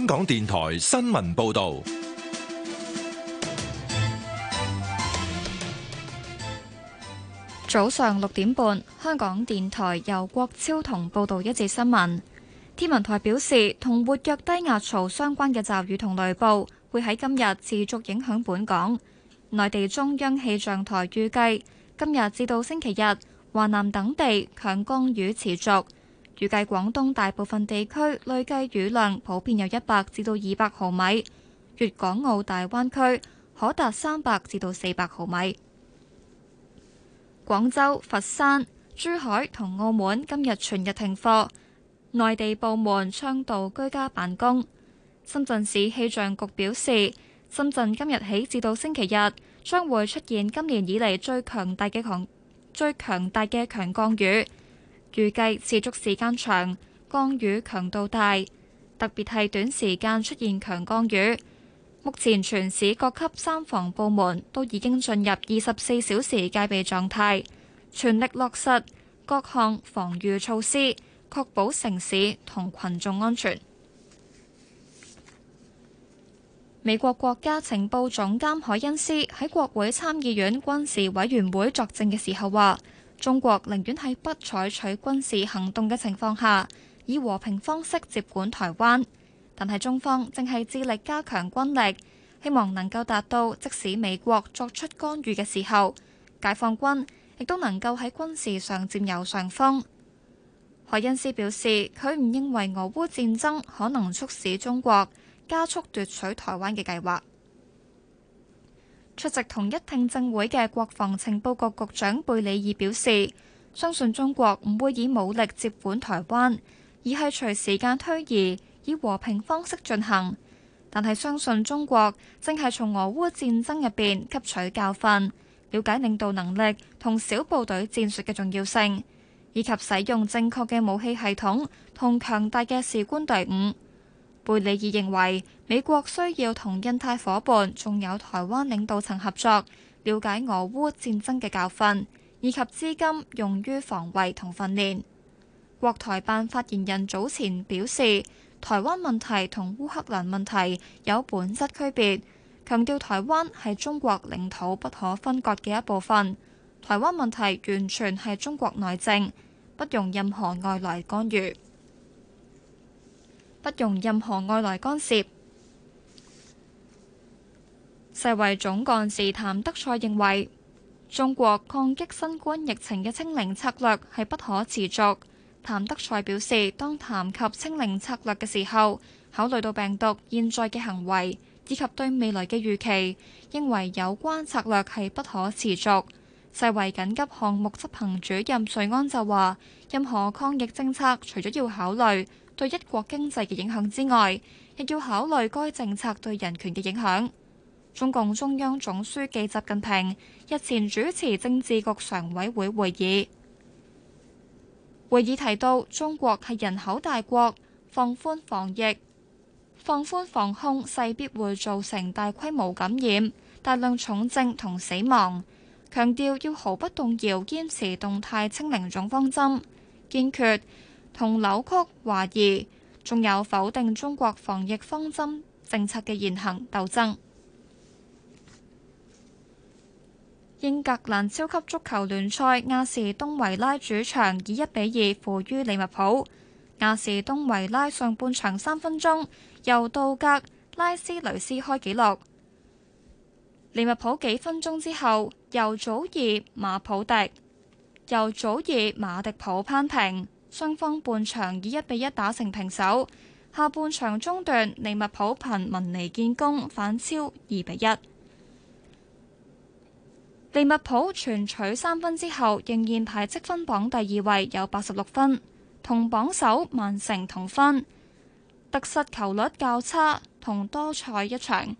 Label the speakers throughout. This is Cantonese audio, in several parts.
Speaker 1: 香港電台新聞報道。
Speaker 2: 早上六點半，香港電台由郭超同報道一節新聞。天文台表示，同活躍低壓槽相關嘅驟雨同雷暴會喺今日持續影響本港。內地中央氣象台預計今日至到星期日，華南等地強降雨持續。預計廣東大部分地區累計雨量普遍有一百至到二百毫米，粵港澳大灣區可達三百至到四百毫米。廣州、佛山、珠海同澳門今日全日停課，內地部門倡導居家辦公。深圳市氣象局表示，深圳今日起至到星期日將會出現今年以嚟最強大嘅強最強大嘅強降雨。預計持續時間長，降雨強度大，特別係短時間出現強降雨。目前全市各級三防部門都已經進入二十四小時戒備狀態，全力落實各項防禦措施，確保城市同群眾安全。美國國家情報總監海恩斯喺國會參議院軍事委員會作證嘅時候話，中國寧願喺不採取軍事行動嘅情況下，以和平方式接管台灣，但係中方正係致力加強軍力，希望能夠達到即使美國作出干預嘅時候，解放軍亦都能夠喺軍事上佔有上風。海恩斯表示，佢唔認為俄烏戰爭可能促使中國加速奪取台灣嘅計劃。出席同一聽證會嘅國防情報局局長貝里爾表示，相信中國唔會以武力接管台灣，而係隨時間推移以和平方式進行。但係相信中國正係從俄烏戰爭入邊吸取教訓，了解領導能力同小部隊戰術嘅重要性，以及使用正確嘅武器系統同強大嘅士官隊伍。貝里爾認為美國需要同印太伙伴，仲有台灣領導層合作，了解俄烏戰爭嘅教訓，以及資金用於防衛同訓練。國台辦發言人早前表示，台灣問題同烏克蘭問題有本質區別，強調台灣係中國領土不可分割嘅一部分，台灣問題完全係中國內政，不容任何外來干預。不容任何外來干涉。世衛總幹事譚德塞認為，中國抗擊新冠疫情嘅清零策略係不可持續。譚德塞表示，當談及清零策略嘅時候，考慮到病毒現在嘅行為以及對未來嘅預期，認為有關策略係不可持續。世衛緊急項目執行主任瑞安就話，任何抗疫政策，除咗要考慮，對一國經濟嘅影響之外，亦要考慮該政策對人權嘅影響。中共中央總書記習近平日前主持政治局常委會會議，會議提到中國係人口大國，放寬防疫、放寬防控勢必會造成大規模感染、大量重症同死亡，強調要毫不動搖堅持動態清零總方針，堅決。同扭曲、懷疑，仲有否定中國防疫方針政策嘅言行鬥爭。英格蘭超級足球聯賽亞士東維拉主場以一比二負於利物浦。亞士東維拉上半場三分鐘由杜格拉斯雷斯開紀錄，利物浦幾分鐘之後由祖爾馬普迪由祖爾馬迪普攀平。雙方半場以一比一打成平手，下半場中段利物浦憑文尼建功反超二比一。利物浦全取三分之後，仍然排積分榜第二位，有八十六分，同榜首曼城同分，得失球率較差，同多賽一場。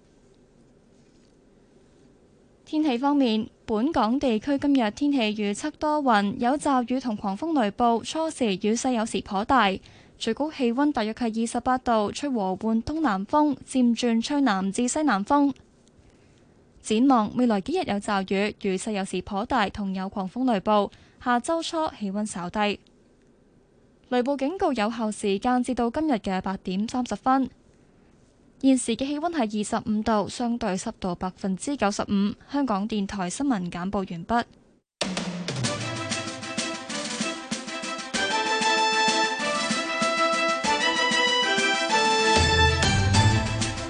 Speaker 2: 天氣方面。本港地區今日天氣預測，多雲，有驟雨同狂風雷暴，初時雨勢有時頗大，最高氣溫大約係二十八度，吹和緩東南風，漸轉吹南至西南風。展望未來幾日有驟雨，雨勢有時頗大，同有狂風雷暴，下周初氣溫稍低。雷暴警告有效時間至到今日嘅八點三十分。現時嘅氣溫係二十五度，相對濕度百分之九十五。香港電台新聞簡報完畢。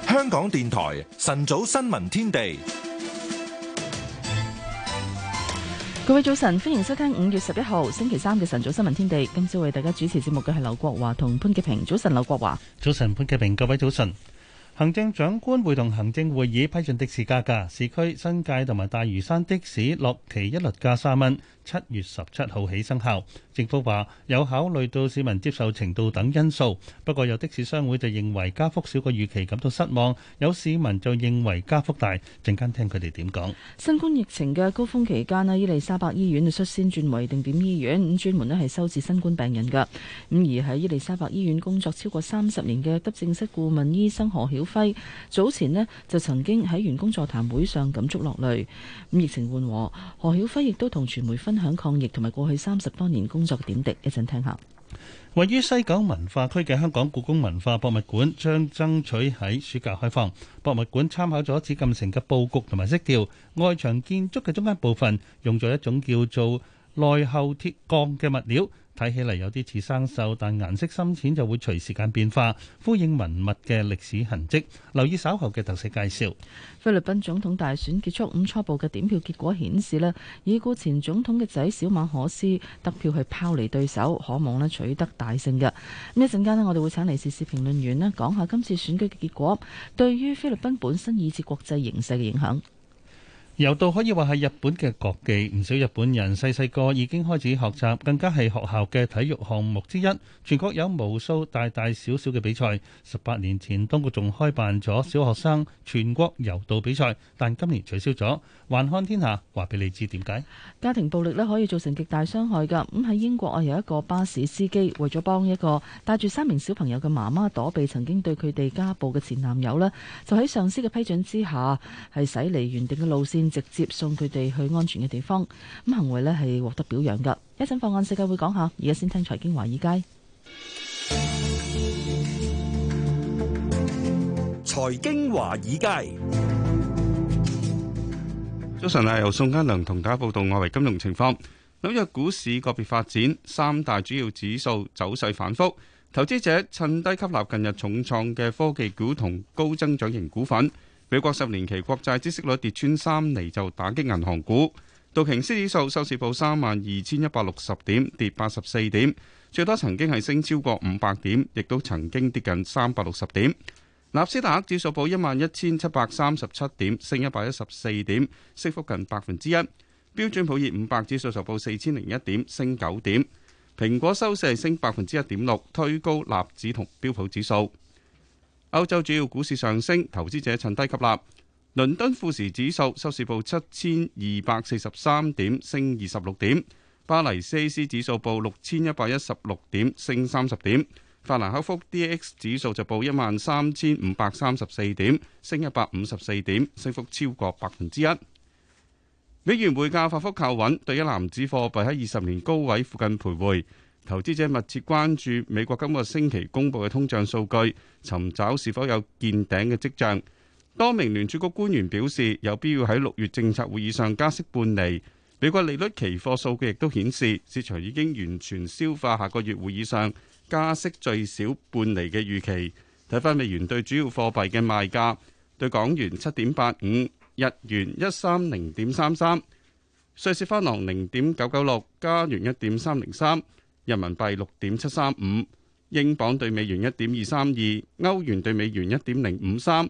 Speaker 1: 香港電台晨早新聞天地，各
Speaker 3: 位早晨，歡迎收聽五月十一號星期三嘅晨早新聞天地。今朝為大家主持節目嘅係劉國華同潘潔平。早晨，劉國華。
Speaker 4: 早晨，潘潔平。各位早晨。行政長官會同行政會議批准的士加價，市區、新界同埋大嶼山的士落旗一律加三蚊，七月十七號起生效。政府話有考慮到市民接受程度等因素，不過有的士商會就認為加幅少過預期，感到失望；有市民就認為加幅大。陣間聽佢哋點講。
Speaker 3: 新冠疫情嘅高峰期間咧，伊利沙白醫院率先轉為定點醫院，專門呢係收治新冠病人噶，咁而喺伊利沙白醫院工作超過三十年嘅急症室顧問醫生何曉輝早前呢就曾經喺員工座談會上感觸落淚，咁疫情緩和，何曉輝亦都同傳媒分享抗疫同埋過去三十多年工作點滴，一陣聽下。位於西九文
Speaker 4: 化區嘅香港故宮文化博物館將爭取喺暑假開放。博物館參考咗紫禁城嘅佈局同埋色調，外牆建築嘅中間部分用咗一種叫做內後鐵鋼嘅物料。睇起嚟有啲似生銹，但顏色深淺就會隨時間變化，呼應文物嘅歷史痕跡。留意稍後嘅特色介
Speaker 3: 紹。菲律賓總統大選結束，咁初步嘅點票結果顯示咧，已故前總統嘅仔小馬可斯得票去拋離對手，可望咧取得大勝嘅。咁一陣間咧，我哋會請嚟時事評論員咧講下今次選舉嘅結果，對於菲律賓本身以至國際形勢嘅影響。
Speaker 4: 柔道可以話係日本嘅國技，唔少日本人細細個已經開始學習，更加係學校嘅體育項目之一。全國有無數大大小小嘅比賽，十八年前，當局仲開辦咗小學生全國柔道比賽，但今年取消咗。環看天下話俾你知點解
Speaker 3: 家庭暴力咧可以造成極大傷害噶。咁喺英國啊，有一個巴士司機為咗幫一個帶住三名小朋友嘅媽媽躲避曾經對佢哋家暴嘅前男友咧，就喺上司嘅批准之下係駛離原定嘅路線。直接送佢哋去安全嘅地方，咁行為咧係獲得表揚噶。一陣放案世界會講下，而家先聽財經華爾街。
Speaker 1: 財經華爾街，
Speaker 5: 早晨啊，由宋嘉良同大家報道外圍金融情況。紐約股市個別發展，三大主要指數走勢反覆，投資者趁低吸納近日重創嘅科技股同高增長型股份。美國十年期國債孳息率跌穿三厘就打擊銀行股。道瓊斯指數收市報三萬二千一百六十點，跌八十四點，最多曾經係升超過五百點，亦都曾經跌近三百六十點。納斯達克指數報一萬一千七百三十七點，升一百一十四點，升幅近百分之一。標準普爾五百指數收報四千零一點，升九點。蘋果收市係升百分之一點六，推高納指同標普指數。.歐洲主要股市上升，投資者趁低吸納。倫敦富時指數收市報七千二百四十三點，升二十六點；巴黎 CAC 指數報六千一百一十六點，升三十點；法蘭克福 DAX 指數就報一萬三千五百三十四點，升一百五十四點，升幅超過百分之一。美元匯價反覆靠穩，兌一籃子貨幣喺二十年高位附近徘徊。投資者密切關注美國今個星期公布嘅通脹數據，尋找是否有見頂嘅跡象。多名聯儲局官員表示有必要喺六月政策會議上加息半厘。美國利率期貨數據亦都顯示市場已經完全消化下個月會議上加息最少半厘嘅預期。睇返美元對主要貨幣嘅賣價，對港元七點八五，日元一三零點三三，瑞士法郎零點九九六，加元一點三零三。人民幣六點七三五，英鎊兌美元一點二三二，歐元兌美元一點零五三，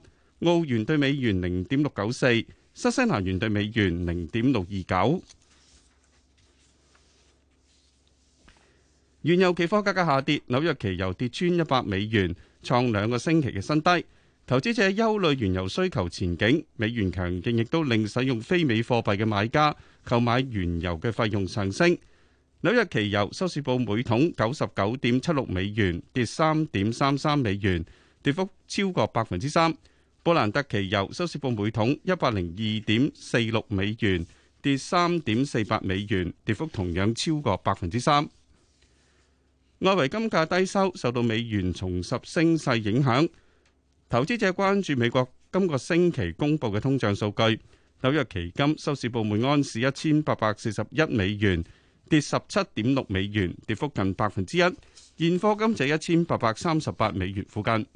Speaker 5: 澳元兌美元零點六九四，新西蘭元兌美元零點六二九。原油期貨價格下跌，紐約期油跌穿一百美元，創兩個星期嘅新低。投資者憂慮原油需求前景，美元強勁亦都令使用非美貨幣嘅買家購買原油嘅費用上升。紐約期油收市報每桶九十九點七六美元，跌三點三三美元，跌幅超過百分之三。布蘭特期油收市報每桶一百零二點四六美元，跌三點四八美元，跌幅同樣超過百分之三。外圍金價低收，受到美元重拾升勢影響。投資者關注美國今個星期公佈嘅通脹數據。紐約期金收市報每安士一千八百四十一美元。跌十七點六美元，跌幅近百分之一。現貨金喺一千八百三十八美元附近。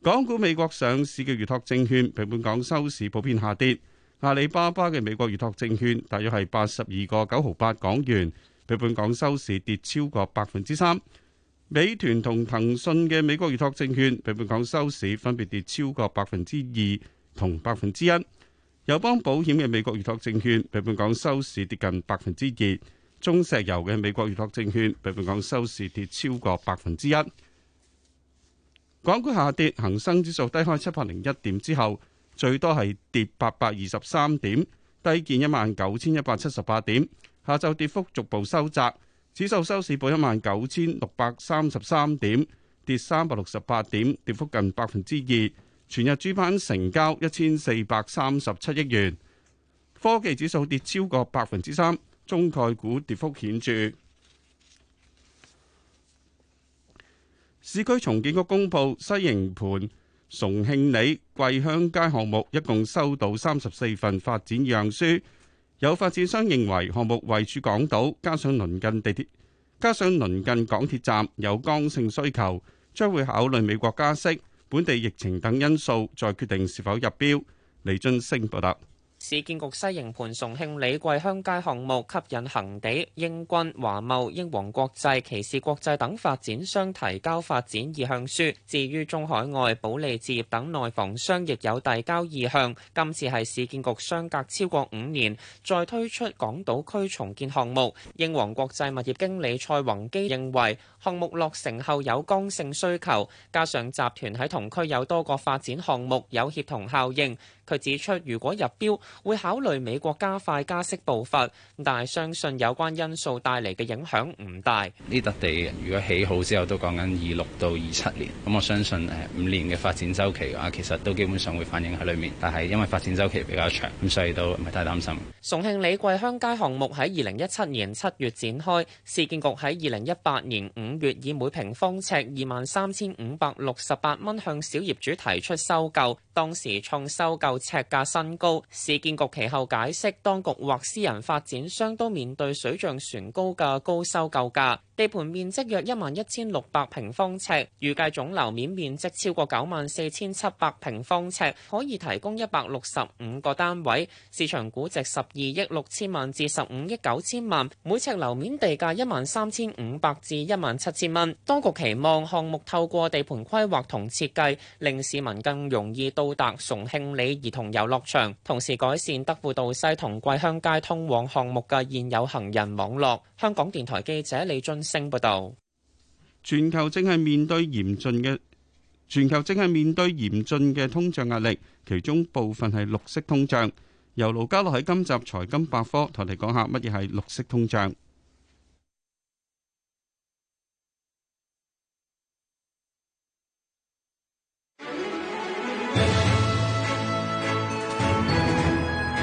Speaker 5: 港股美國上市嘅預託證券，比本港收市普遍下跌。阿里巴巴嘅美國預託證券，大約係八十二個九毫八港元，比本港收市跌超過百分之三。美團同騰訊嘅美國預託證券，比本港收市分別跌超過百分之二同百分之一。友邦保險嘅美國預託證券比本港收市跌近百分之二，中石油嘅美國預託證券比本港收市跌超過百分之一。港股下跌，恒生指數低開七百零一點之後，最多係跌八百二十三點，低見一萬九千一百七十八點。下晝跌幅逐步收窄，指數收市報一萬九千六百三十三點，跌三百六十八點，跌幅近百分之二。全日主板成交一千四百三十七億元，科技指數跌超過百分之三，中概股跌幅顯著。市區重建局公布西營盤、崇慶里桂香街項目，一共收到三十四份發展樣書。有發展商認為項目位處港島，加上鄰近地鐵，加上鄰近港鐵站，有剛性需求，將會考慮美國加息。本地疫情等因素，再決定是否入標，李俊升報道。
Speaker 6: 市建局西營盤崇慶里桂香街項目吸引恒地、英軍、華茂、英皇國際、歧視國際等發展商提交發展意向書。至於中海外、保利置業等內房商亦有遞交意向。今次係市建局相隔超過五年再推出港島區重建項目。英皇國際物業經理蔡宏基認為，項目落成後有剛性需求，加上集團喺同區有多個發展項目，有協同效應。佢指出，如果入標，會考慮美國加快加息步伐，但係相信有關因素帶嚟嘅影響唔大。
Speaker 4: 呢笪地如果起好之後都講緊二六到二七年，咁我相信誒五年嘅發展周期嘅話，其實都基本上會反映喺裡面。但係因為發展周期比較長，咁所以都唔係太擔心。
Speaker 6: 重慶李桂香街項目喺二零一七年七月展開，市建局喺二零一八年五月以每平方尺二萬三千五百六十八蚊向小業主提出收購。當時創收購尺價新高，市建局其後解釋，當局或私人發展商都面對水漲船高嘅高收購價。地盤面積約一萬一千六百平方尺，預計總樓面面積超過九萬四千七百平方尺，可以提供一百六十五個單位。市場估值十二億六千萬至十五億九千萬，每尺樓面地價一萬三千五百至一萬七千蚊。當局期望項目透過地盤規劃同設計，令市民更容易到達崇慶里兒童遊樂場，同時改善德輔道西同桂香街通往項目嘅現有行人網絡。香港電台記者李俊升報道。
Speaker 5: 全球正係面對嚴峻嘅，全球正係面對嚴峻嘅通脹壓力，其中部分係綠色通脹。由盧家樂喺今集財金百科同你講下乜嘢係綠色通脹。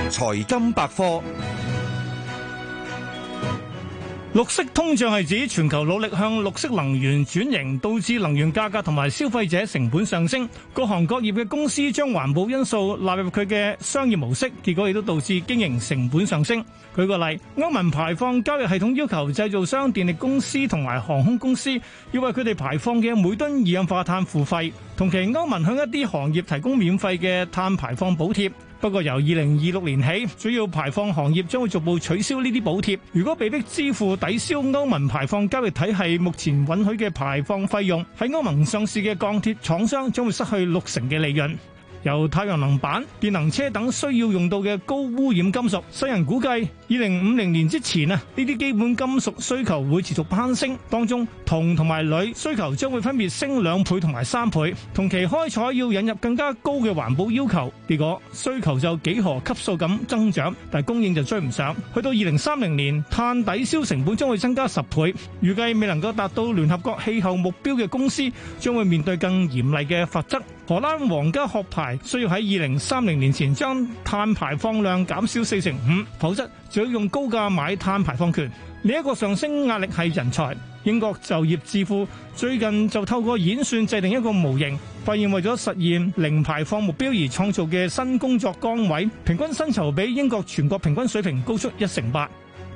Speaker 7: 財金百科：
Speaker 8: 綠色通脹係指全球努力向綠色能源轉型，導致能源價格同埋消費者成本上升。各行各業嘅公司將環保因素納入佢嘅商業模式，結果亦都導致經營成本上升。舉個例，歐盟排放交易系統要求製造商、電力公司同埋航空公司要為佢哋排放嘅每噸二氧化碳付費，同期歐盟向一啲行業提供免費嘅碳排放補貼。不過，由二零二六年起，主要排放行業將會逐步取消呢啲補貼。如果被迫支付抵消歐盟排放交易體系目前允許嘅排放費用，喺歐盟上市嘅鋼鐵廠商將會失去六成嘅利潤。由太陽能板、電能車等需要用到嘅高污染金屬，世人估計二零五零年之前啊，呢啲基本金屬需求會持續攀升。當中，銅同埋鋁需求將會分別升兩倍同埋三倍。同期開採要引入更加高嘅環保要求，結果需求就幾何級數咁增長，但供應就追唔上。去到二零三零年，碳抵消成本將會增加十倍。預計未能夠達到聯合國氣候目標嘅公司，將會面對更嚴厲嘅罰則。荷蘭皇家殼牌需要喺二零三零年前將碳排放量減少四成五，否則就要用高價買碳排放權。呢一個上升壓力係人才。英國就業智庫最近就透過演算制定一個模型，發現為咗實現零排放目標而創造嘅新工作崗位，平均薪酬比英國全國平均水平高出一成八。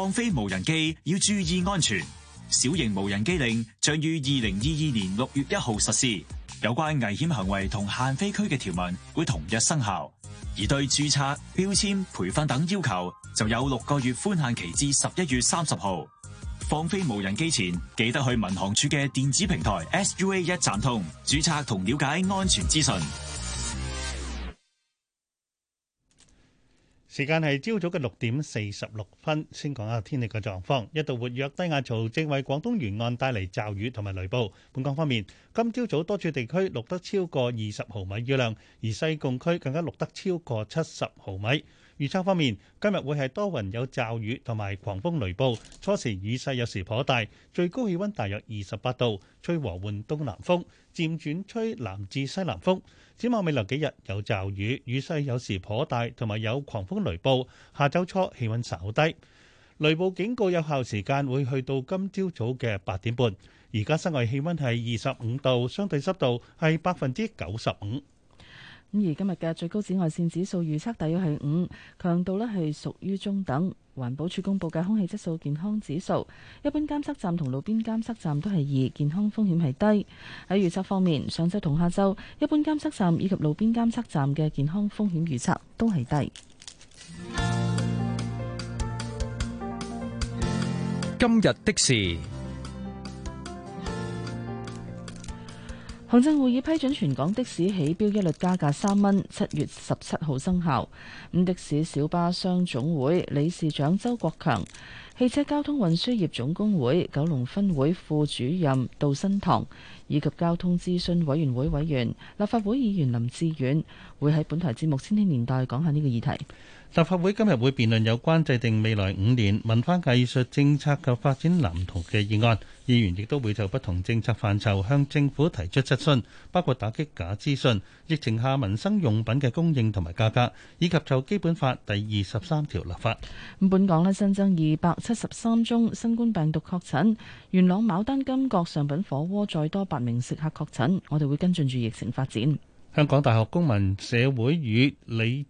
Speaker 9: 放飛無人機要注意安全。小型無人機令將於二零二二年六月一號實施，有關危險行為同限飛區嘅條文會同日生效，而對注冊、標籤、培訓等要求就有六個月寬限期至十一月三十號。放飛無人機前記得去民航處嘅電子平台 SUA 一站通注冊同了解安全資訊。
Speaker 4: 時間係朝早嘅六點四十六分，先講下天氣嘅狀況。一度活躍低壓槽正為廣東沿岸帶嚟驟雨同埋雷暴。本港方面，今朝早多處地區錄得超過二十毫米雨量，而西貢區更加錄得超過七十毫米。預測方面，今日會係多雲有驟雨同埋狂風雷暴，初時雨勢有時頗大，最高氣溫大約二十八度，吹和緩東南風，漸轉吹南至西南風。展望未來幾日有驟雨，雨勢有時頗大，同埋有狂風雷暴。下週初氣溫稍低，雷暴警告有效時間會去到今朝早嘅八點半。而家室外氣溫係二十五度，相對濕度係百分之九十五。
Speaker 3: 咁而今日嘅最高紫外線指數預測大約係五，強度呢係屬於中等。環保署公布嘅空氣質素健康指數，一般監測站同路邊監測站都係二，健康風險係低。喺預測方面，上周同下周，一般監測站以及路邊監測站嘅健康風險預測都係低。今
Speaker 10: 日的事。
Speaker 3: 行政會議批准全港的士起錶一律加價三蚊，七月十七號生效。咁的士小巴商總會理事長周國強、汽車交通運輸業總工會九龍分會副主任杜新堂以及交通諮詢委員會委員立法會議員林志遠，會喺本台節目《千禧年代》講下呢個議題。
Speaker 4: 立法會今日會辯論有關制定未來五年文化藝術政策及發展藍圖嘅議案，議員亦都會就不同政策範疇向政府提出質詢，包括打擊假資訊、疫情下民生用品嘅供應同埋價格，以及就《基本法》第二十三條立法。
Speaker 3: 咁，本港呢新增二百七十三宗新冠病毒確診，元朗牡丹金閣上品火鍋再多八名食客確診，我哋會跟進住疫情發展。
Speaker 4: 香港大學公民社會與理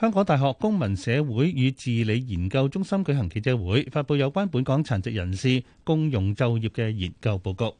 Speaker 4: 香港大學公民社會與治理研究中心舉行記者會，發佈有關本港殘疾人士共融就業嘅研究報告。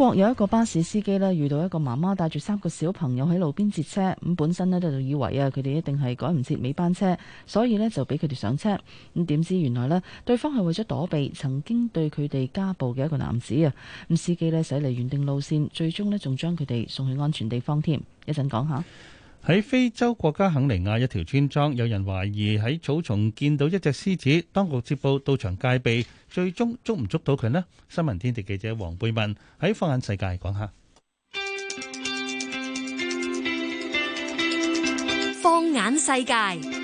Speaker 3: 國有一個巴士司機呢，遇到一個媽媽帶住三個小朋友喺路邊截車，咁本身呢，就以為啊，佢哋一定係趕唔切尾班車，所以呢，就俾佢哋上車，咁點知原來呢，對方係為咗躲避曾經對佢哋家暴嘅一個男子啊，咁司機呢，駛離原定路線，最終呢，仲將佢哋送去安全地方添，一陣講下。喺非洲國家肯尼亞一條村
Speaker 4: 莊，有人懷疑喺草叢見到一隻獅子，當局接報到場戒備，最終捉唔捉到佢呢？新聞天地記者黃貝文喺放眼世界講下。放
Speaker 11: 眼世界，世界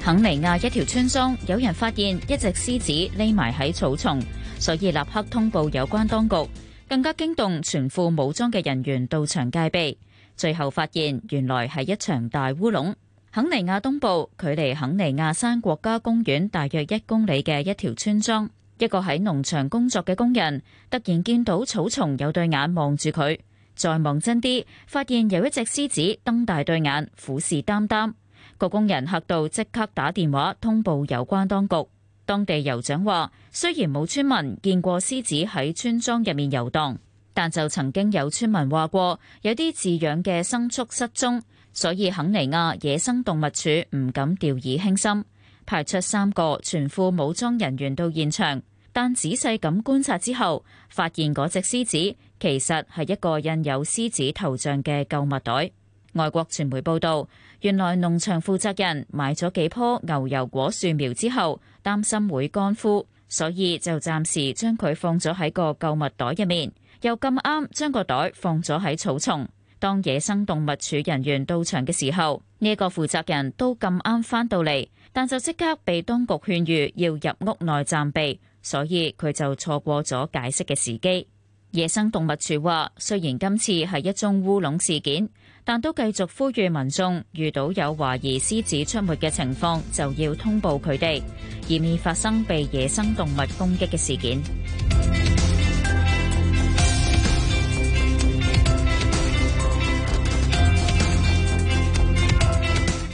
Speaker 12: 肯尼亞一條村莊有人發現一隻獅子匿埋喺草叢，所以立刻通報有關當局。更加驚動全副武裝嘅人員到場戒備，最後發現原來係一場大烏龍。肯尼亞東部距離肯尼亞山國家公園大約一公里嘅一條村莊，一個喺農場工作嘅工人突然見到草叢有對眼望住佢，再望真啲，發現有一隻獅子瞪大對眼，虎視眈眈。個工人嚇到即刻打電話通報有關當局。當地酋長話，雖然冇村民見過獅子喺村莊入面遊蕩，但就曾經有村民話過，有啲飼養嘅牲畜失蹤，所以肯尼亞野生動物處唔敢掉以輕心，派出三個全副武裝人員到現場。但仔細咁觀察之後，發現嗰隻獅子其實係一個印有獅子頭像嘅購物袋。外國傳媒報道，原來農場負責人買咗幾棵牛油果樹苗之後。擔心會乾枯，所以就暫時將佢放咗喺個購物袋入面。又咁啱將個袋放咗喺草叢。當野生動物處人員到場嘅時候，呢、這個負責人都咁啱返到嚟，但就即刻被當局勸喻要入屋內暫避，所以佢就錯過咗解釋嘅時機。野生動物處話，雖然今次係一宗烏龍事件。但都繼續呼籲民眾遇到有懷疑獅子出沒嘅情況，就要通報佢哋，以免發生被野生動物攻擊嘅事件。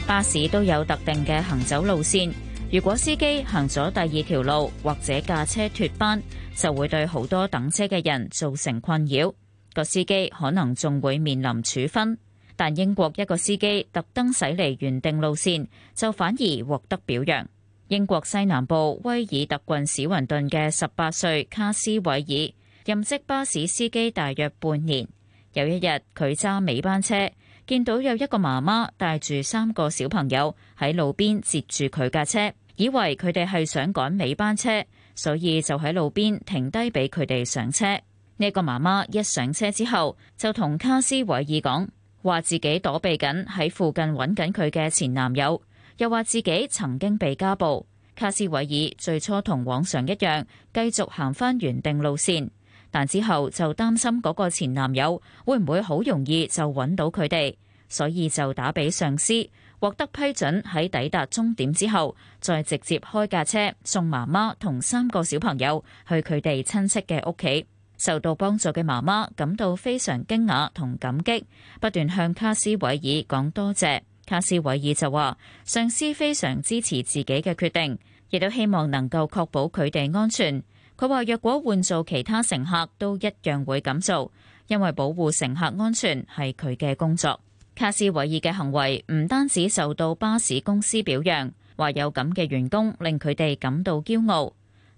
Speaker 12: 巴士都有特定嘅行走路線，如果司機行咗第二條路或者駕車脫班，就會對好多等車嘅人造成困擾，個司機可能仲會面臨處分。但英國一個司機特登駛離原定路線，就反而獲得表揚。英國西南部威爾特郡史雲頓嘅十八歲卡斯韋爾任職巴士司機，大約半年。有一日，佢揸尾班車，見到有一個媽媽帶住三個小朋友喺路邊截住佢架車，以為佢哋係想趕尾班車，所以就喺路邊停低俾佢哋上車。呢個媽媽一上車之後，就同卡斯韋爾講。話自己躲避緊喺附近揾緊佢嘅前男友，又話自己曾經被家暴。卡斯維爾最初同往常一樣，繼續行翻原定路線，但之後就擔心嗰個前男友會唔會好容易就揾到佢哋，所以就打俾上司，獲得批准喺抵達終點之後，再直接開架車送媽媽同三個小朋友去佢哋親戚嘅屋企。受到幫助嘅媽媽感到非常驚訝同感激，不斷向卡斯維爾講多謝。卡斯維爾就話上司非常支持自己嘅決定，亦都希望能夠確保佢哋安全。佢話若果換做其他乘客，都一樣會咁做，因為保護乘客安全係佢嘅工作。卡斯維爾嘅行為唔單止受到巴士公司表揚，話有咁嘅員工令佢哋感到驕傲。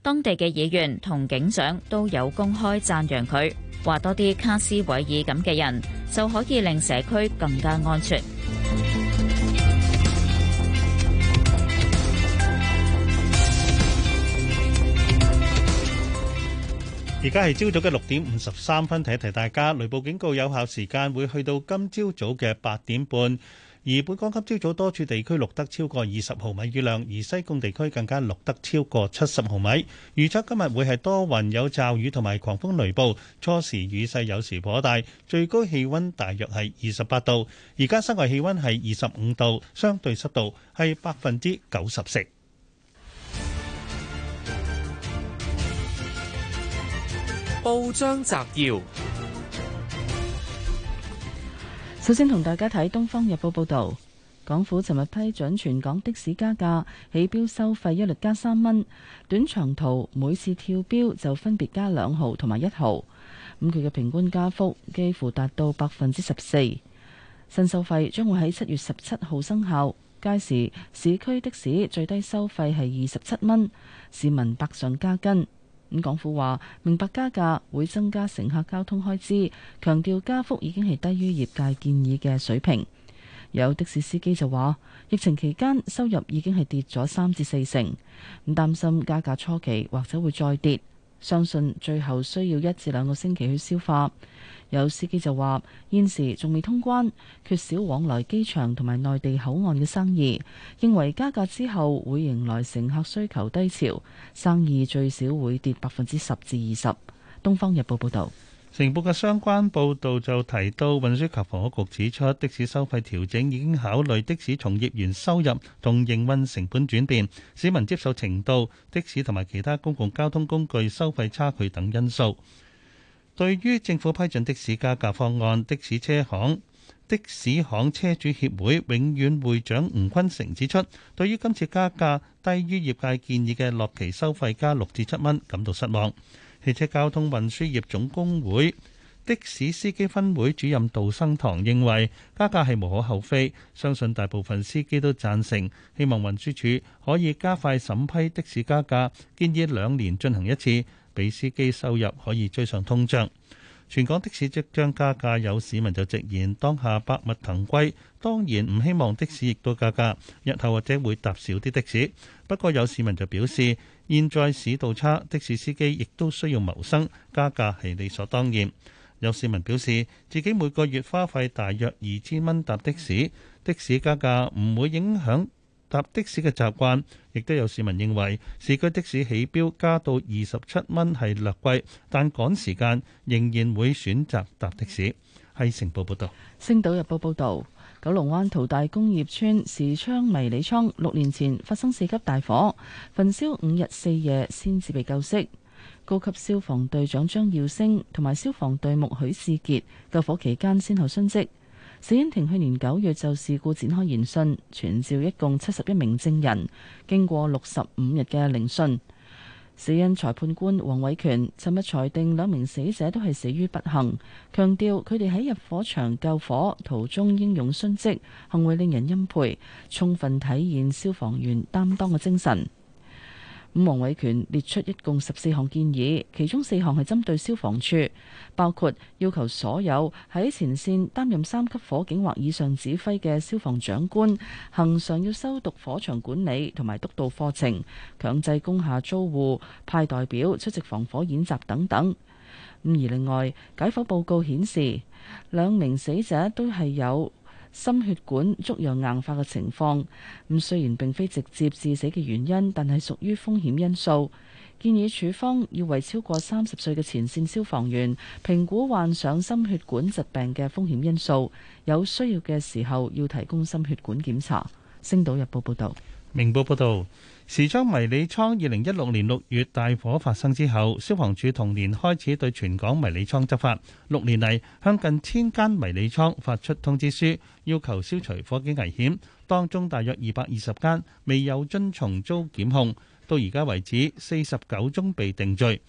Speaker 12: 當地嘅議員同警長都有公開讚揚佢，話多啲卡斯維爾咁嘅人就可以令社區更加安全。
Speaker 4: 而家係朝早嘅六點五十三分，提一提大家，雷暴警告有效時間會去到今朝早嘅八點半。而本港今朝早多處地區錄得超過二十毫米雨量，而西貢地區更加錄得超過七十毫米。預測今日會係多雲有驟雨同埋狂風雷暴，初時雨勢有時頗大，最高氣温大約係二十八度。而家室外氣温係二十五度，相對濕度係百分之九十四。報章摘要。
Speaker 3: 首先同大家睇《東方日報》報道，港府尋日批准全港的士加價，起標收費一律加三蚊，短長途每次跳標就分別加兩毫同埋一毫。咁佢嘅平均加幅幾乎達到百分之十四。新收費將會喺七月十七號生效。屆時市區的士最低收費係二十七蚊，市民百上加斤。港府話明白加價會增加乘客交通開支，強調加幅已經係低於業界建議嘅水平。有的士司機就話，疫情期間收入已經係跌咗三至四成，唔擔心加價初期或者會再跌，相信最後需要一至兩個星期去消化。有司機就話：現時仲未通關，缺少往來機場同埋內地口岸嘅生意，認為加價之後會迎來乘客需求低潮，生意最少會跌百分之十至二十。《東方日報》報道，
Speaker 4: 成報嘅相關報導就提到，運輸及房屋局指出，的士收費調整已經考慮的士從業員收入同營運成本轉變、市民接受程度、的士同埋其他公共交通工具收費差距等因素。對於政府批准的士加價方案，的士車行的士行車主協會永遠會長吳坤成指出，對於今次加價低於業界建議嘅落旗收費加六至七蚊感到失望。汽車交通運輸業總工會的士司機分會主任杜生堂認為，加價係無可厚非，相信大部分司機都贊成，希望運輸署可以加快審批的士加價，建議兩年進行一次。俾司機收入可以追上通脹，全港的士即將加價，有市民就直言：當下百物騰貴，當然唔希望的士亦都加價。日後或者會搭少啲的士。不過有市民就表示，現在市道差，的士司機亦都需要謀生，加價係理所當然。有市民表示，自己每個月花費大約二千蚊搭的士，的士加價唔會影響搭的士嘅習慣，亦都有市民認為市區的士起錶加到二十七蚊係略貴，但趕時間仍然會選擇搭的士，係成報報導，
Speaker 3: 《星島日報》報導，九龍灣淘大工業村時昌迷你倉六年前發生四級大火，焚燒五日四夜先至被救熄。高級消防隊長張耀升同埋消防隊目許志傑救火期間，先後殉職。死因庭去年九月就事故展開聆訊，傳召一共七十一名證人，經過六十五日嘅聆訊，死因裁判官黃偉權尋日裁定兩名死者都係死於不幸，強調佢哋喺入火場救火途中英勇殉職，行為令人欽佩，充分體現消防員擔當嘅精神。咁王偉權列出一共十四項建議，其中四項係針對消防處，包括要求所有喺前線擔任三級火警或以上指揮嘅消防長官，恒常要修讀火場管理同埋督導課程，強制工廈租戶派代表出席防火演習等等。而另外解剖報告顯示，兩名死者都係有。心血管粥樣硬化嘅情況，咁雖然並非直接致死嘅原因，但係屬於風險因素。建議處方要為超過三十歲嘅前線消防員評估患上心血管疾病嘅風險因素，有需要嘅時候要提供心血管檢查。星島日報報道，
Speaker 4: 明報報道。時裝迷你倉二零一六年六月大火發生之後，消防處同年開始對全港迷你倉執法。六年嚟，向近千間迷你倉發出通知書，要求消除火警危險。當中大約二百二十間未有遵從，遭檢控。到而家為止，四十九宗被定罪。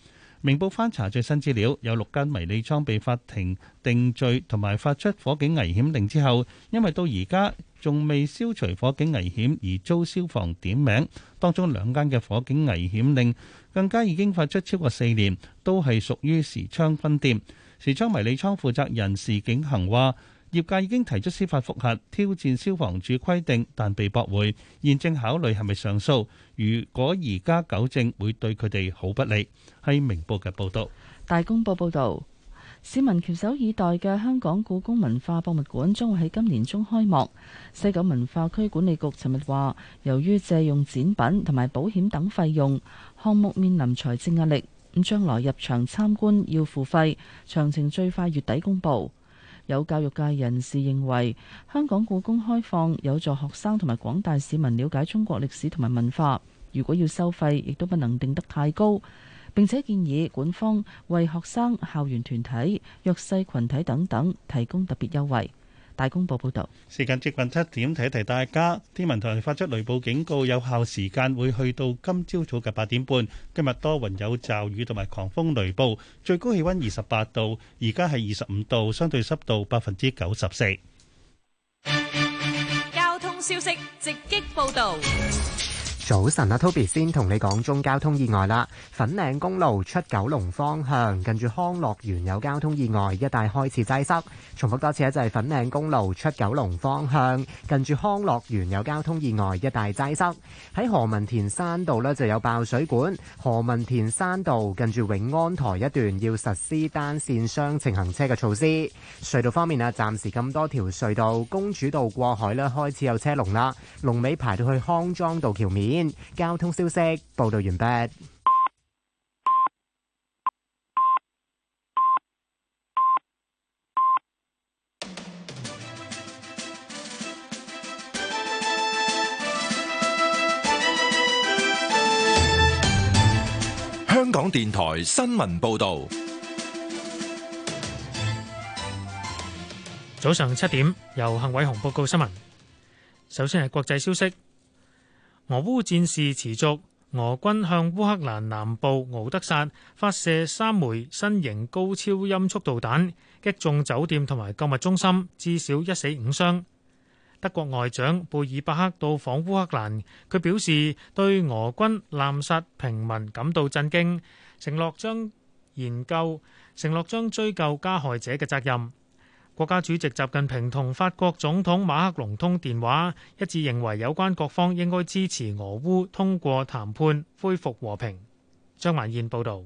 Speaker 4: 明報翻查最新資料，有六間迷你倉被法庭定罪，同埋發出火警危險令之後，因為到而家，仲未消除火警危險而遭消防點名，當中兩間嘅火警危險令更加已經發出超過四年，都係屬於時昌分店。時昌迷你倉負責人時景恒話：業界已經提出司法覆核挑戰消防處規定，但被駁回，現正考慮係咪上訴。如果而家糾正，會對佢哋好不利。係明報嘅報導，
Speaker 3: 大公報報導。市民翹首以待嘅香港故宮文化博物館將會喺今年中開幕。西九文化區管理局尋日話，由於借用展品同埋保險等費用，項目面臨財政壓力。咁將來入場參觀要付費，詳情最快月底公布。有教育界人士認為，香港故宮開放有助學生同埋廣大市民了解中國歷史同埋文化。如果要收費，亦都不能定得太高。並且建議管方為學生、校園團體、弱勢羣體等等提供特別優惠。大公報報導。
Speaker 4: 時間接近七點，提一提大家，天文台發出雷暴警告，有效時間會去到今朝早嘅八點半。今日多雲有驟雨同埋狂風雷暴，最高氣温二十八度，而家係二十五度，相對濕度百分之九十
Speaker 13: 四。
Speaker 11: 交通消息直擊報導。
Speaker 13: 早晨啊，Toby 先同你講中交通意外啦。粉嶺公路出九龍方向，近住康樂園有交通意外，一帶開始擠塞。重複多次咧，就係粉嶺公路出九龍方向，近住康樂園有交通意外，一帶擠塞。喺何文田山道呢，就有爆水管，何文田山道近住永安台一段要實施單線雙程行車嘅措施。隧道方面啊，暫時咁多條隧道，公主道過海呢，開始有車龍啦，龍尾排到去康莊道橋面。交通消息報道完畢。
Speaker 1: 香港電台新聞報道，早
Speaker 10: 上七點由幸偉雄報告新聞。首先係國際消息。俄烏戰事持續，俄軍向烏克蘭南部敖德薩發射三枚新型高超音速導彈，擊中酒店同埋購物中心，至少一死五傷。德國外長貝爾伯克到訪烏克蘭，佢表示對俄軍濫殺平民感到震驚，承諾將研究，承諾將追究加害者嘅責任。國家主席習近平同法國總統馬克龍通電話，一致認為有關各方應該支持俄烏通過談判恢復和平。張曼燕報導。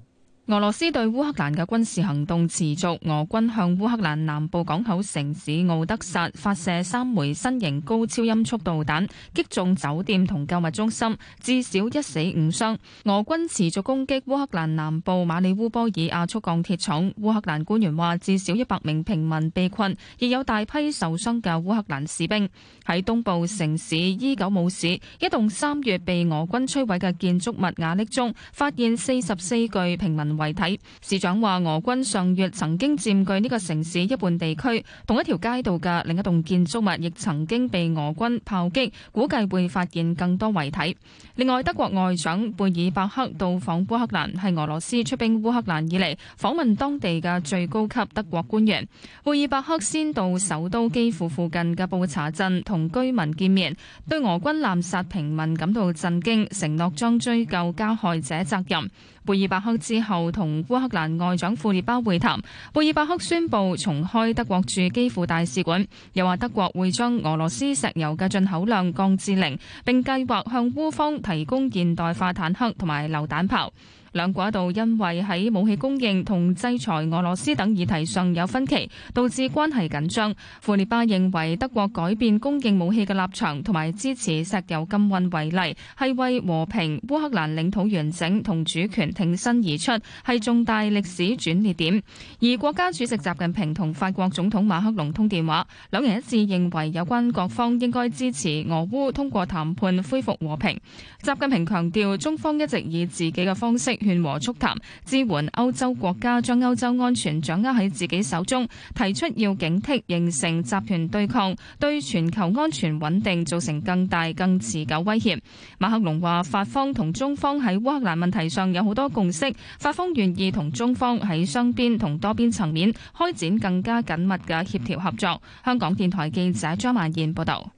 Speaker 14: 俄羅斯對烏克蘭嘅軍事行動持續，俄軍向烏克蘭南部港口城市敖德薩發射三枚新型高超音速導彈，擊中酒店同購物中心，至少一死五傷。俄軍持續攻擊烏克蘭南部馬里烏波爾亞速鋼鐵廠。烏克蘭官員話，至少一百名平民被困，亦有大批受傷嘅烏克蘭士兵。喺東部城市伊久姆市，一棟三月被俄軍摧毀嘅建築物瓦礫中，發現四十四具平民遺體。市長話，俄軍上月曾經佔據呢個城市一半地區，同一條街道嘅另一棟建築物亦曾經被俄軍炮擊，估計會發現更多遺體。另外，德國外長貝爾伯克到訪烏克蘭，係俄羅斯出兵烏克蘭以嚟訪問當地嘅最高級德國官員。貝爾伯克先到首都基輔附近嘅布查鎮同居民見面，對俄軍濫殺平民感到震驚，承諾將追究加害者責任。貝爾伯克之後同烏克蘭外長庫列巴會談，貝爾伯克宣布重開德國駐基輔大使館，又話德國會將俄羅斯石油嘅進口量降至零，並計劃向烏方提供現代化坦克同埋榴彈炮。兩國一度因為喺武器供應同制裁俄羅斯等議題上有分歧，導致關係緊張。庫列巴認為德國改變供應武器嘅立場同埋支持石油禁運為例，係為和平烏克蘭領土完整同主權挺身而出，係重大歷史轉捩點。而國家主席習近平同法國總統馬克龍通電話，兩人一致認為有關各方應該支持俄烏通過談判恢復和平。習近平強調，中方一直以自己嘅方式，勸和促談，支援歐洲國家將歐洲安全掌握喺自己手中，提出要警惕形成集團對抗，對全球安全穩定造成更大、更持久威脅。馬克龍話：法方同中方喺烏克蘭問題上有好多共識，法方願意同中方喺雙邊同多邊層面開展更加緊密嘅協調合作。香港電台記者張曼燕報道。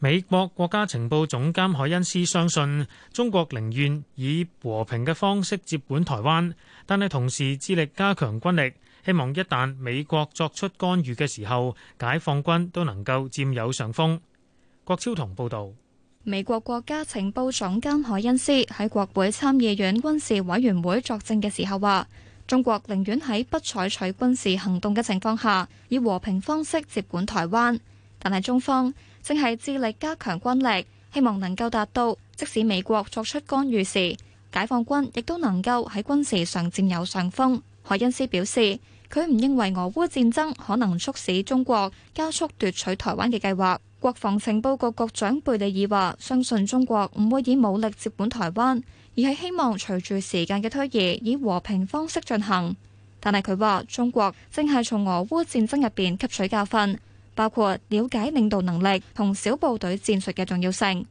Speaker 10: 美國國家情報總監海恩斯相信，中國寧願以和平嘅方式接管台灣，但係同時致力加強軍力，希望一旦美國作出干預嘅時候，解放軍都能夠佔有上風。郭超同報道，
Speaker 2: 美國國家情報總監海恩斯喺國會參議院軍事委員會作證嘅時候話，中國寧願喺不採取軍事行動嘅情況下，以和平方式接管台灣，但係中方，正係致力加強軍力，希望能夠達到，即使美國作出干預時，解放軍亦都能夠喺軍事上佔有上風。海恩斯表示，佢唔認為俄烏戰爭可能促使中國加速奪取台灣嘅計劃。國防情報局局長貝利爾話，相信中國唔會以武力接管台灣，而係希望隨住時間嘅推移，以和平方式進行。但係佢話，中國正係從俄烏戰爭入邊吸取教訓。包括了解領導能力同小部隊戰術嘅重要性，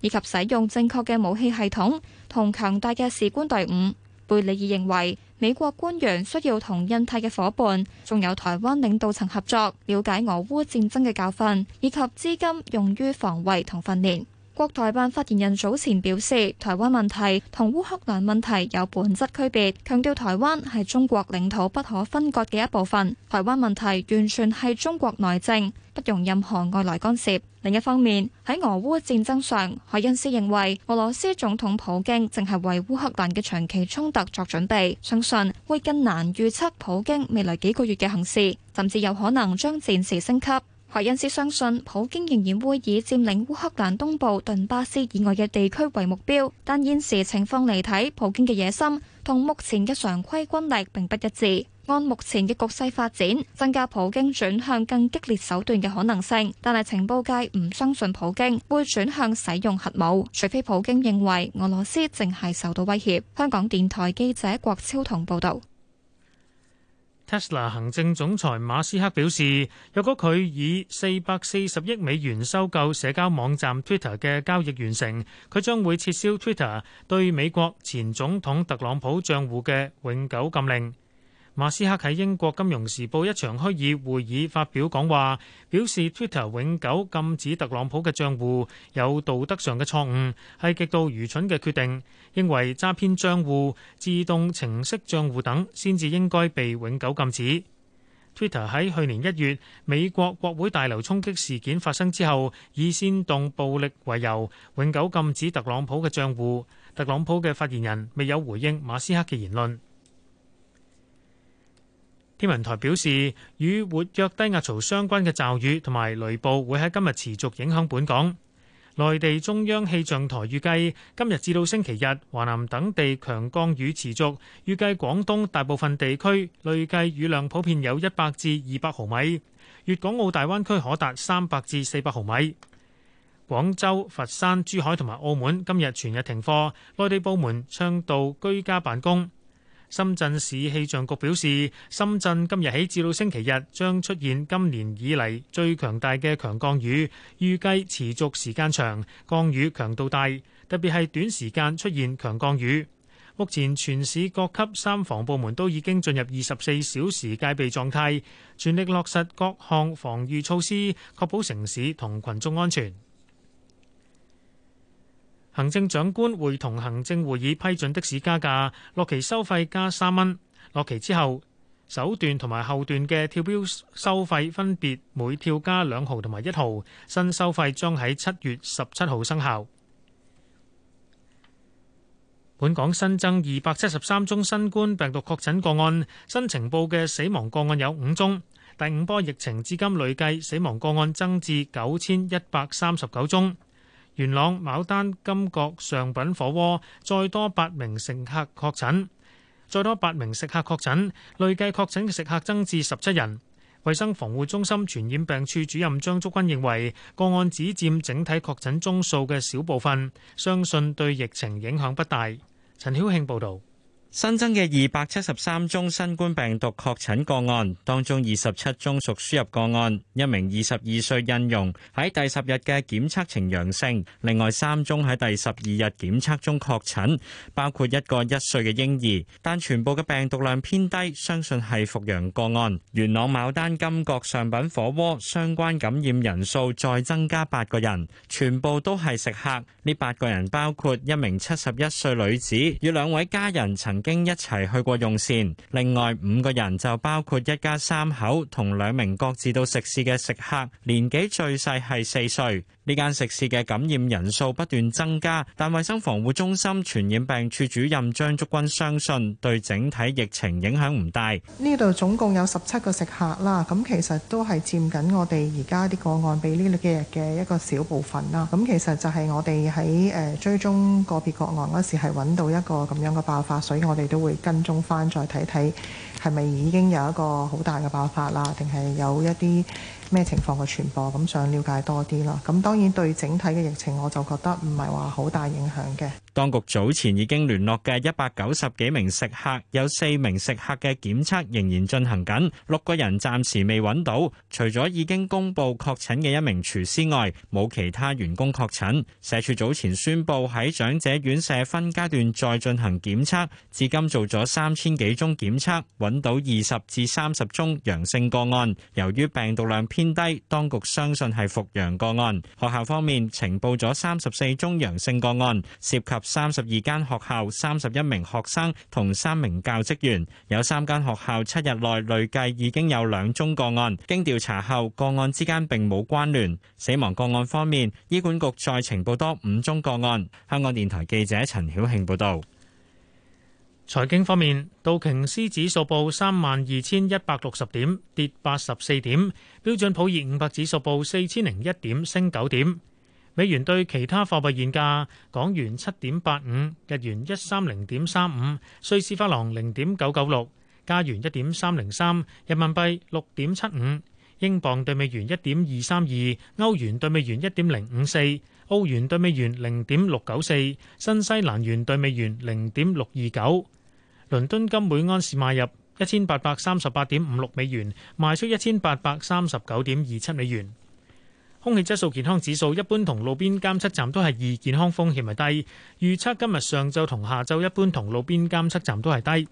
Speaker 2: 以及使用正確嘅武器系統同強大嘅士官隊伍。貝里爾認為，美國官員需要同印太嘅夥伴，仲有台灣領導層合作，了解俄烏戰爭嘅教訓，以及資金用於防衛同訓練。國台辦發言人早前表示，台灣問題同烏克蘭問題有本質區別，強調台灣係中國領土不可分割嘅一部分，台灣問題完全係中國內政，不容任何外來干涉。另一方面，喺俄烏戰爭上，海恩斯認為俄羅斯總統普京正係為烏克蘭嘅長期衝突作準備，相信會更難預測普京未來幾個月嘅行事，甚至有可能將戰事升級。白恩斯相信普京仍然會以佔領烏克蘭東部頓巴斯以外嘅地區為目標，但現時情況嚟睇，普京嘅野心同目前嘅常規軍力並不一致。按目前嘅局勢發展，增加普京轉向更激烈手段嘅可能性，但係情報界唔相信普京會轉向使用核武，除非普京認為俄羅斯淨係受到威脅。香港電台記者郭超彤報道。
Speaker 10: Tesla 行政總裁馬斯克表示，若果佢以四百四十億美元收購社交網站 Twitter 嘅交易完成，佢將會撤銷 Twitter 對美國前總統特朗普賬戶嘅永久禁令。馬斯克喺英國金融時報一場虛擬會議發表講話，表示 Twitter 永久禁止特朗普嘅賬戶有道德上嘅錯誤，係極度愚蠢嘅決定。認為詐騙賬戶、自動程式賬戶等先至應該被永久禁止。Twitter 喺去年一月美國國會大樓衝擊事件發生之後，以煽動暴力為由永久禁止特朗普嘅賬戶。特朗普嘅發言人未有回應馬斯克嘅言論。天文台表示，與活躍低壓槽相關嘅驟雨同埋雷暴會喺今日持續影響本港。內地中央氣象台預計今日至到星期日，華南等地強降雨持續。預計廣東大部分地區累計雨量普遍有一百至二百毫米，粵港澳大灣區可達三百至四百毫米。廣州、佛山、珠海同埋澳門今日全日停課，內地部門倡導居家辦公。深圳市氣象局表示，深圳今日起至到星期日將出現今年以嚟最強大嘅強降雨，預計持續時間長，降雨強度大，特別係短時間出現強降雨。目前全市各級三防部門都已經進入二十四小時戒備狀態，全力落實各項防禦措施，確保城市同群眾安全。行政長官會同行政會議批准的士加價，落旗收費加三蚊。落旗之後，首段同埋後段嘅跳錶收費分別每跳加兩毫同埋一毫。新收費將喺七月十七號生效。本港新增二百七十三宗新冠病毒確診個案，新呈報嘅死亡個案有五宗。第五波疫情至今累計死亡個案增至九千一百三十九宗。元朗牡丹金閣上品火鍋再多八名乘客確診，再多八名食客確診，累計確診嘅食客增至十七人。衛生防護中心傳染病處主任張竹君認為，個案只佔整體確診宗數嘅小部分，相信對疫情影響不大。陳曉慶報導。
Speaker 15: 新增嘅二百七十三宗新冠病毒確診個案，當中二十七宗屬輸入個案，一名二十二歲印傭喺第十日嘅檢測呈陽性，另外三宗喺第十二日檢測中確診，包括一個一歲嘅嬰兒，但全部嘅病毒量偏低，相信係復陽個案。元朗牡丹金閣上品火鍋相關感染人數再增加八個人，全部都係食客。呢八個人包括一名七十一歲女子與兩位家人曾。經一齊去過用膳，另外五個人就包括一家三口同兩名各自到食肆嘅食客，年紀最細係四歲。呢間食肆嘅感染人數不斷增加，但衛生防護中心傳染病處主任張竹君相信對整體疫情影響唔大。
Speaker 16: 呢度總共有十七個食客啦，咁其實都係佔緊我哋而家啲個案比呢幾日嘅一個小部分啦。咁其實就係我哋喺誒追蹤個別個案嗰時係揾到一個咁樣嘅爆發，所以我。我哋都會跟蹤返，再睇睇係咪已經有一個好大嘅爆發啦，定係有一啲咩情況嘅傳播，咁想了解多啲啦。咁當然對整體嘅疫情，我就覺得唔係話好大影響嘅。
Speaker 15: 當局早前已經聯絡嘅一百九十幾名食客，有四名食客嘅檢測仍然進行緊，六個人暫時未揾到。除咗已經公布確診嘅一名廚師外，冇其他員工確診。社署早前宣布喺長者院舍分階段再進行檢測，至今做咗三千幾宗檢測，揾到二十至三十宗陽性個案。由於病毒量偏低，當局相信係復陽個案。學校方面呈報咗三十四宗陽性個案，涉及。三十二間學校，三十一名學生同三名教職員，有三間學校七日內累計已經有兩宗個案。經調查後，個案之間並冇關聯。死亡個案方面，醫管局再呈報多五宗個案。香港電台記者陳曉慶報道。財經方
Speaker 10: 面，道瓊斯指數報三萬二千一百六十點，跌八十四點；標準普爾五百指數報四千零一點，升九點。美元兌其他貨幣現價：港元七點八五，日元一三零點三五，瑞士法郎零點九九六，加元一點三零三，人民幣六點七五，英鎊對美元一點二三二，歐元對美元一點零五四，澳元對美元零點六九四，新西蘭元對美元零點六二九。倫敦金每安士買入一千八百三十八點五六美元，賣出一千八百三十九點二七美元。空氣質素健康指數一般同路邊監測站都係二，健康風險係低，預測今日上晝同下晝一般同路邊監測站都係低。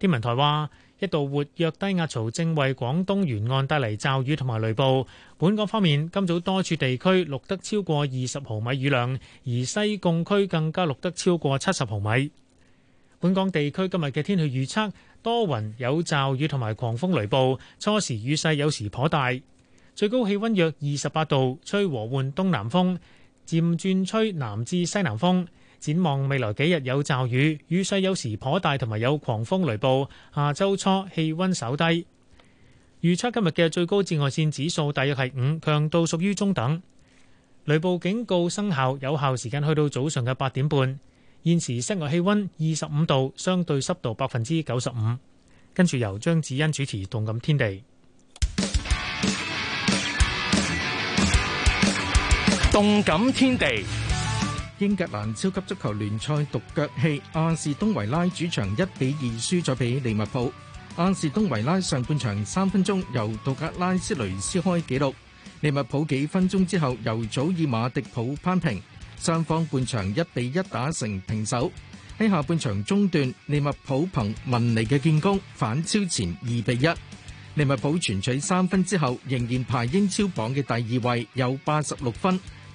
Speaker 10: 天文台話，一度活躍低壓槽正為廣東沿岸帶嚟驟雨同埋雷暴。本港方面，今早多處地區錄得超過二十毫米雨量，而西貢區更加錄得超過七十毫米。本港地區今日嘅天氣預測，多雲有驟雨同埋狂風雷暴，初時雨勢有時頗大。最高氣溫約二十八度，吹和緩東南風，漸轉吹南至西南風。展望未來幾日有驟雨，雨勢有時頗大，同埋有狂風雷暴。下周初氣溫稍低。預測今日嘅最高紫外線指數大約係五，強度屬於中等。雷暴警告生效，有效時間去到早上嘅八點半。現時室外氣溫二十五度，相對濕度百分之九十五。跟住由張智恩主持《動感天地》。
Speaker 17: 動感天地，英格蘭超級足球聯賽獨腳戲，阿士東維拉主場一比二輸咗俾利物浦。阿士東維拉上半場三分鐘由杜格拉斯雷斯開紀錄，利物浦幾分鐘之後由祖爾馬迪普扳平，雙方半場一比一打成平手。喺下半場中段，利物浦憑文尼嘅建功反超前二比一，利物浦全取三分之後仍然排英超榜嘅第二位，有八十六分。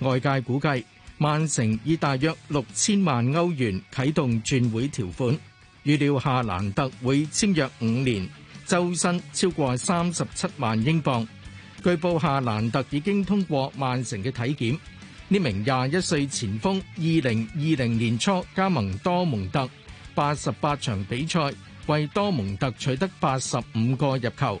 Speaker 17: 外界估計，曼城以大約六千萬歐元啟動轉會條款，預料夏蘭特會簽約五年，周薪超過三十七萬英鎊。據報夏蘭特已經通過曼城嘅體檢，呢名廿一歲前鋒，二零二零年初加盟多蒙特，八十八場比賽為多蒙特取得八十五個入球。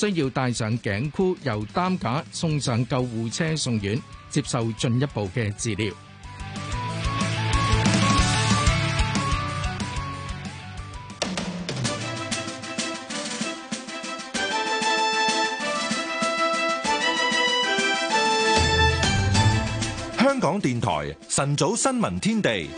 Speaker 17: 需要戴上頸箍，由擔架送上救護車送院，接受進一步嘅治療。
Speaker 1: 香港電台晨早新聞天地。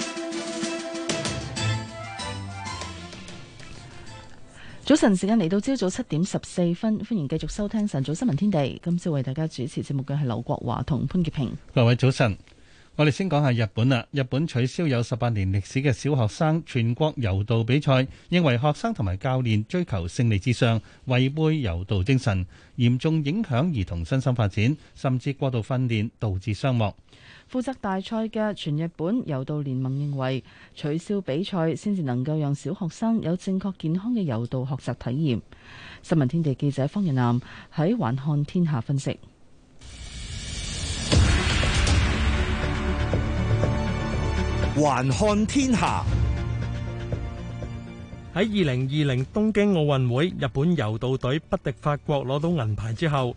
Speaker 3: 早晨時間嚟到朝早七點十四分，歡迎繼續收聽晨早新聞天地。今朝為大家主持節目嘅係劉國華同潘潔平。
Speaker 4: 各位早晨，我哋先講下日本啦。日本取消有十八年歷史嘅小學生全國柔道比賽，認為學生同埋教練追求勝利至上，違背柔道精神，嚴重影響兒童身心發展，甚至過度訓練，導致傷亡。
Speaker 3: 負責大賽嘅全日本柔道聯盟認為，取消比賽先至能夠讓小學生有正確健康嘅柔道學習體驗。新聞天地記者方仁南喺《環看天下》分析，
Speaker 7: 《環看天下》喺二零二零東京奧運會，日本柔道隊不敵法國攞到銀牌之後。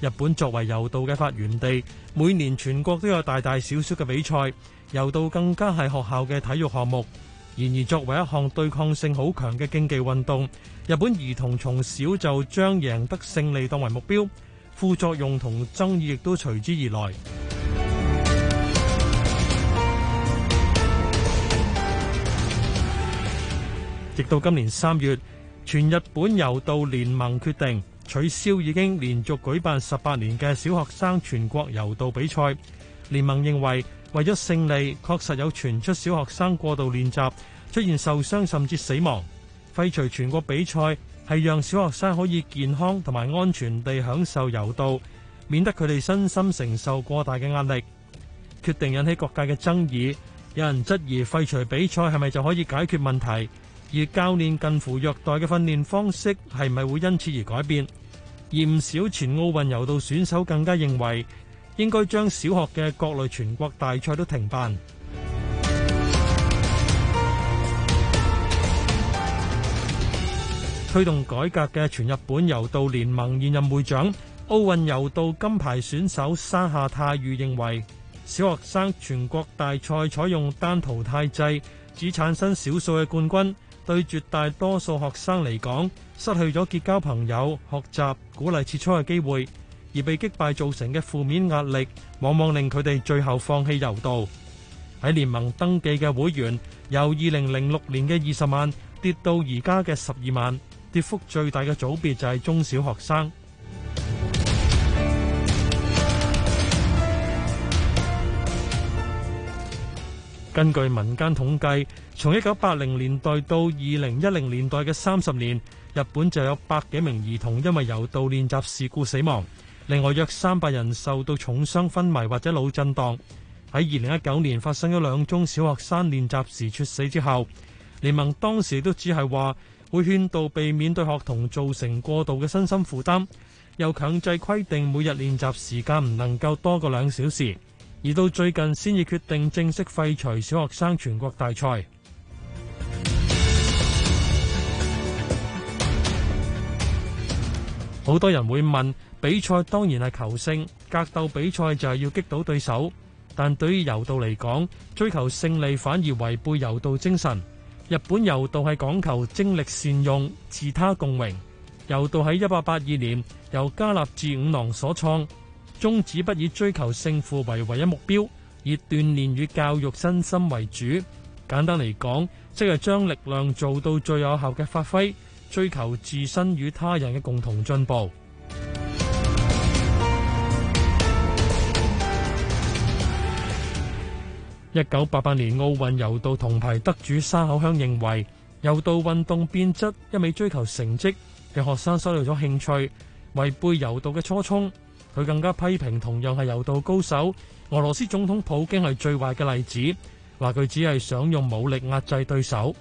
Speaker 7: 日本作為柔道嘅發源地，每年全國都有大大小小嘅比賽。柔道更加係學校嘅體育項目。然而，作為一項對抗性好強嘅競技運動，日本兒童從小就將贏得勝利當為目標。副作用同爭議亦都隨之而來。 直到今年三月，全日本柔道聯盟決定。取消已經連續舉辦十八年嘅小學生全國柔道比賽，聯盟認為為咗勝利，確實有傳出小學生過度練習出現受傷甚至死亡。廢除全國比賽係讓小學生可以健康同埋安全地享受柔道，免得佢哋身心承受過大嘅壓力。決定引起各界嘅爭議，有人質疑廢除比賽係咪就可以解決問題？而教練近乎虐待嘅訓練方式係咪會因此而改變？而唔少前奧運柔道選手更加認為應該將小學嘅各類全國大賽都停辦。推動改革嘅全日本柔道聯盟現任會長、奧運柔道金牌選手山下泰裕認為，小學生全國大賽採用單淘汰制，只產生少數嘅冠軍。對絕大多數學生嚟講，失去咗結交朋友、學習、鼓勵切磋嘅機會，而被擊敗造成嘅負面壓力，往往令佢哋最後放棄柔道。喺聯盟登記嘅會員，由二零零六年嘅二十萬跌到而家嘅十二萬，跌幅最大嘅組別就係中小學生。根據民間統計，從一九八零年代到二零一零年代嘅三十年，日本就有百幾名兒童因為柔道練習事故死亡，另外約三百人受到重傷、昏迷或者腦震盪。喺二零一九年發生咗兩宗小學生練習時猝死之後，聯盟當時都只係話會勸導避免對學童造成過度嘅身心負擔，又強制規定每日練習時間唔能夠多過兩小時。而到最近先至決定正式廢除小學生全國大賽。好多人會問，比賽當然係求勝，格鬥比賽就係要擊倒對手。但對於柔道嚟講，追求勝利反而違背柔道精神。日本柔道係講求精力善用，自他共榮。柔道喺一八八二年由嘉納治五郎所創。宗旨不以追求勝負為唯一目標，以鍛煉與教育身心為主。簡單嚟講，即係將力量做到最有效嘅發揮，追求自身與他人嘅共同進步。一九八八年奧運柔道銅牌得主沙口香認為，柔道運動變質，一味追求成績嘅學生失去咗興趣，違背柔道嘅初衷。佢更加批評，同樣係柔道高手俄羅斯總統普京係最壞嘅例子，話佢只係想用武力壓制對手，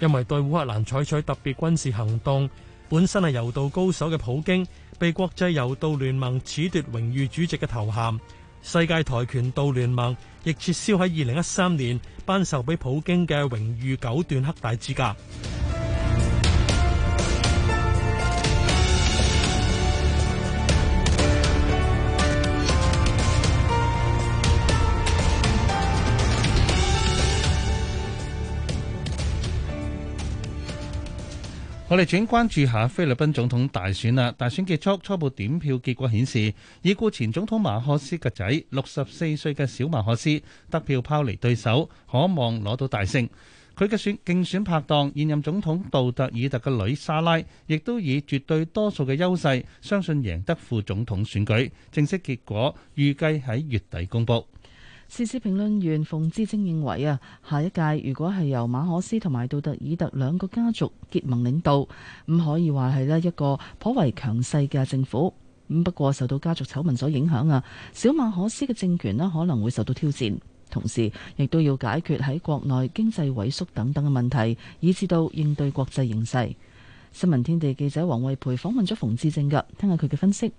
Speaker 7: 因為對烏克蘭採取特別軍事行動，本身係柔道高手嘅普京被國際柔道聯盟褫奪榮譽主席嘅頭銜，世界跆拳道聯盟亦撤銷喺二零一三年頒授俾普京嘅榮譽九段黑帶資格。
Speaker 4: 我哋轉關注下菲律賓總統大選啦！大選結束，初步點票結果顯示，已故前總統馬可斯嘅仔六十四歲嘅小馬可斯得票拋離對手，可望攞到大勝。佢嘅選競選拍檔現任總統杜特爾特嘅女莎拉，亦都以絕對多數嘅優勢，相信贏得副總統選舉。正式結果預計喺月底公佈。
Speaker 3: 時事評論員馮志正認為啊，下一屆如果係由馬可斯同埋杜特爾特兩個家族結盟領導，咁可以話係咧一個頗為強勢嘅政府。咁不過受到家族醜聞所影響啊，小馬可斯嘅政權咧可能會受到挑戰，同時亦都要解決喺國內經濟萎縮等等嘅問題，以至到應對國際形勢。新聞天地記者黃慧培訪問咗馮志正嘅，聽下佢嘅分析。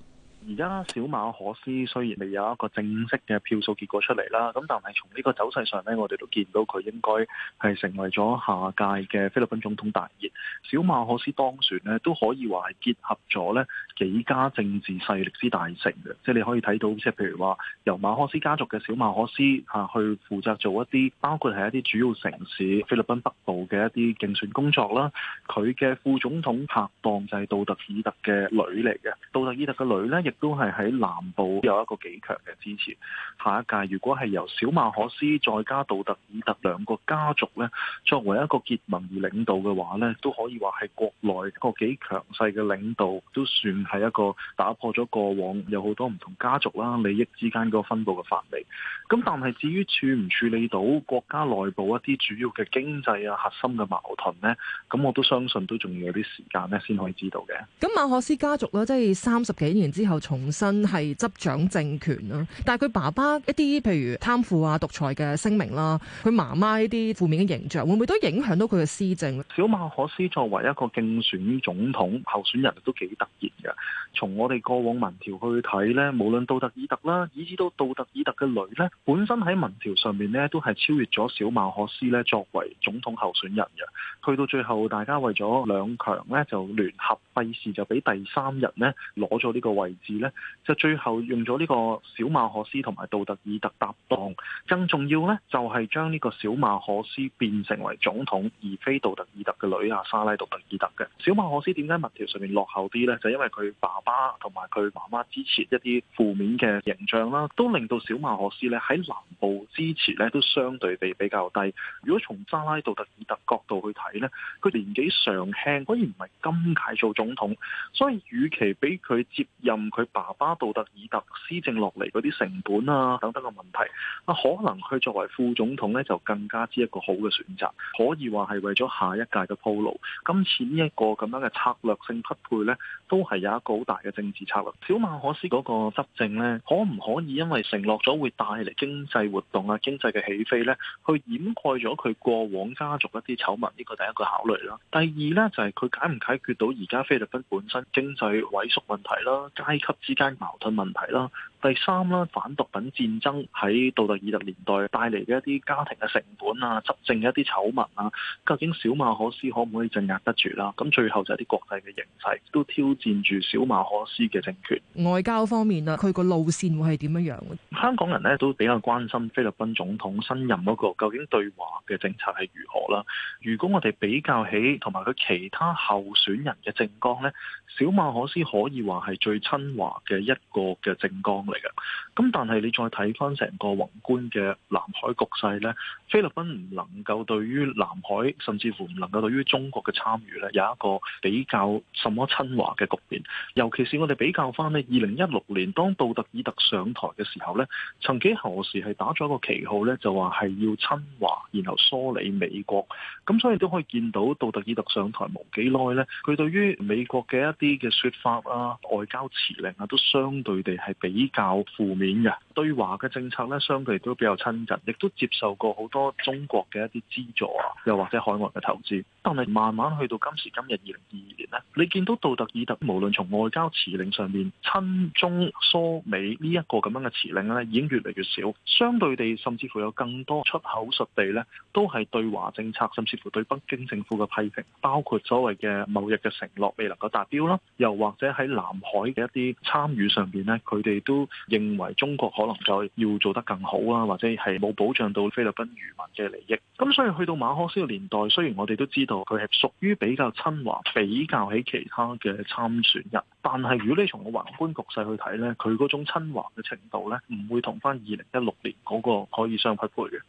Speaker 9: 而家小馬可斯雖然未有一個正式嘅票數結果出嚟啦，咁但係從呢個走勢上呢，我哋都見到佢應該係成為咗下屆嘅菲律賓總統大熱。小馬可斯當選呢，都可以話係結合咗呢。幾家政治勢力之大成嘅，即係你可以睇到，即係譬如話由馬可斯家族嘅小馬可斯嚇去負責做一啲，包括係一啲主要城市菲律賓北部嘅一啲競選工作啦。佢嘅副總統拍檔就係杜特爾特嘅女嚟嘅。杜特爾特嘅女呢，亦都係喺南部有一個幾強嘅支持。下一屆如果係由小馬可斯再加杜特爾特兩個家族呢，作為一個結盟而領導嘅話呢，都可以話係國內一個幾強勢嘅領導都算。係一個打破咗過往有好多唔同家族啦、利益之間個分布嘅範圍。咁但係至於處唔處理到國家內部一啲主要嘅經濟啊、核心嘅矛盾呢，咁我都相信都仲要有啲時間呢先可以知道嘅。
Speaker 11: 咁馬可思家族咧，即係三十幾年之後重新係執掌政權啦。但係佢爸爸一啲譬如貪腐啊、獨裁嘅聲明啦、啊，佢媽媽一啲負面嘅形象，會唔會都影響到佢嘅施政？小
Speaker 9: 馬可思作為一個競選總統候選人，都幾突然嘅。從我哋過往民調去睇呢，無論杜特爾特啦，以至到杜特爾特嘅女呢，本身喺民調上面呢都係超越咗小馬可斯呢作為總統候選人嘅。去到最後，大家為咗兩強呢就聯合費事，就俾第三人呢攞咗呢個位置呢，就最後用咗呢個小馬可斯同埋杜特爾特搭檔，更重要呢，就係將呢個小馬可斯變成為總統，而非杜特爾特嘅女啊，莎拉杜特爾特嘅。小馬可斯點解民調上面落後啲呢？就因為佢。佢爸爸同埋佢媽媽支持一啲負面嘅形象啦，都令到小馬學士咧喺南部支持咧都相對地比較低。如果從沙拉杜特爾特角度去睇咧，佢年紀尚輕，當然唔係今屆做總統，所以與其俾佢接任佢爸爸杜特爾特施政落嚟嗰啲成本啊等等嘅問題，啊可能佢作為副總統咧就更加之一個好嘅選擇，可以話係為咗下一屆嘅鋪路。今次呢一個咁樣嘅策略性匹配咧，都係有。一個好大嘅政治策略，小馬可斯嗰個執政呢，可唔可以因為承諾咗會帶嚟經濟活動啊、經濟嘅起飛呢，去掩蓋咗佢過往家族一啲醜聞？呢個第一個考慮啦。第二呢，就係、是、佢解唔解決到而家菲律賓本身經濟萎縮問題啦、階級之間矛盾問題啦。第三啦，反毒品戰爭喺杜特爾特年代帶嚟嘅一啲家庭嘅成本啊、執政嘅一啲醜聞啊，究竟小馬可斯可唔可以鎮壓得住啦？咁最後就係啲國際嘅形勢都挑戰住。小馬可斯嘅政權，
Speaker 11: 外交方面啦，佢個路線會係點樣？
Speaker 9: 香港人咧都比較關心菲律賓總統新任嗰個究竟對華嘅政策係如何啦。如果我哋比較起同埋佢其他候選人嘅政綱呢，小馬可斯可以話係最親華嘅一個嘅政綱嚟嘅。咁但係你再睇翻成個宏觀嘅南海局勢呢，菲律賓唔能夠對於南海甚至乎唔能夠對於中國嘅參與呢，有一個比較什麼親華嘅局面。尤其是我哋比較返呢，二零一六年當杜特爾特上台嘅時候呢，曾幾何時係打咗一個旗號呢，就話係要親華，然後梳理美國。咁所以都可以見到杜特爾特上台冇幾耐呢，佢對於美國嘅一啲嘅説法啊、外交辭令啊，都相對地係比較負面嘅。對華嘅政策呢，相對都比較親近，亦都接受過好多中國嘅一啲資助啊，又或者海外嘅投資。但係慢慢去到今時今日二零二二年呢，你見到杜特爾特無論從外交辭令上面，親中疏美這這呢一個咁樣嘅辭令咧，已經越嚟越少。相對地，甚至乎有更多出口實地咧，都係對華政策，甚至乎對北京政府嘅批評，包括所謂嘅貿易嘅承諾未能夠達標啦，又或者喺南海嘅一啲參與上邊咧，佢哋都認為中國可能就要做得更好啦，或者係冇保障到菲律賓漁民嘅利益。咁所以去到馬可斯嘅年代，雖然我哋都知道佢係屬於比較親華，比較喺其他嘅參選。但係，如果你從個宏觀局勢去睇呢，佢嗰種親華嘅程度呢，唔會同返二零一六年嗰個可以相匹配嘅。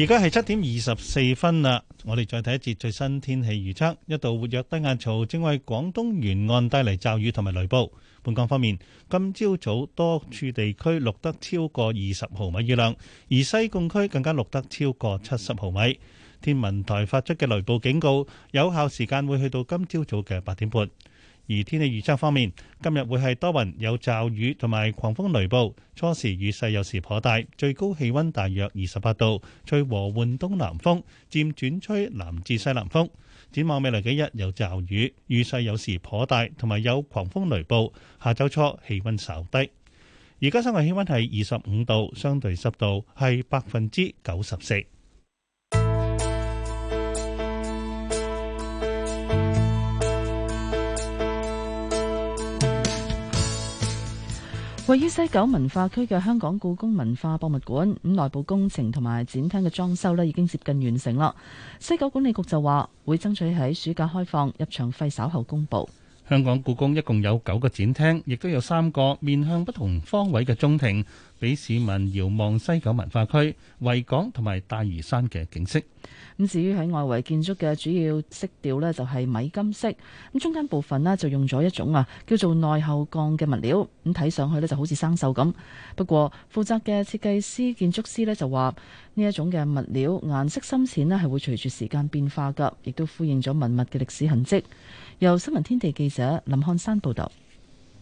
Speaker 4: 而家係七點二十四分啦，我哋再睇一節最新天氣預測。一道活躍低壓槽正為廣東沿岸帶嚟驟雨同埋雷暴。本港方面，今朝早多處地區錄得超過二十毫米雨量，而西貢區更加錄得超過七十毫米。天文台發出嘅雷暴警告有效時間會去到今朝早嘅八點半。而天氣預測方面，今日會係多雲有驟雨同埋狂風雷暴，初時雨勢有時頗大，最高氣温大約二十八度，吹和緩東南風，漸轉吹南至西南風。展望未來幾日有驟雨，雨勢有時頗大，同埋有狂風雷暴。下週初氣温稍低。而家室外氣溫係二十五度，相對濕度係百分之九十四。
Speaker 3: 位於西九文化區嘅香港故宮文化博物館，咁內部工程同埋展廳嘅裝修呢已經接近完成啦。西九管理局就話會爭取喺暑假開放，入場費稍後公佈。
Speaker 4: 香港故宮一共有九個展廳，亦都有三個面向不同方位嘅中庭。俾市民遙望西九文化區、維港同埋大嶼山嘅景
Speaker 3: 色。咁至於喺外圍建築嘅主要色調呢，就係米金色。咁中間部分呢，就用咗一種啊，叫做耐候鋼嘅物料。咁睇上去呢就好似生鏽咁。不過負責嘅設計師、建築師呢，就話，呢一種嘅物料顏色深淺呢，係會隨住時間變化㗎，亦都呼應咗文物嘅歷史痕跡。由新聞天地記者林漢山報導。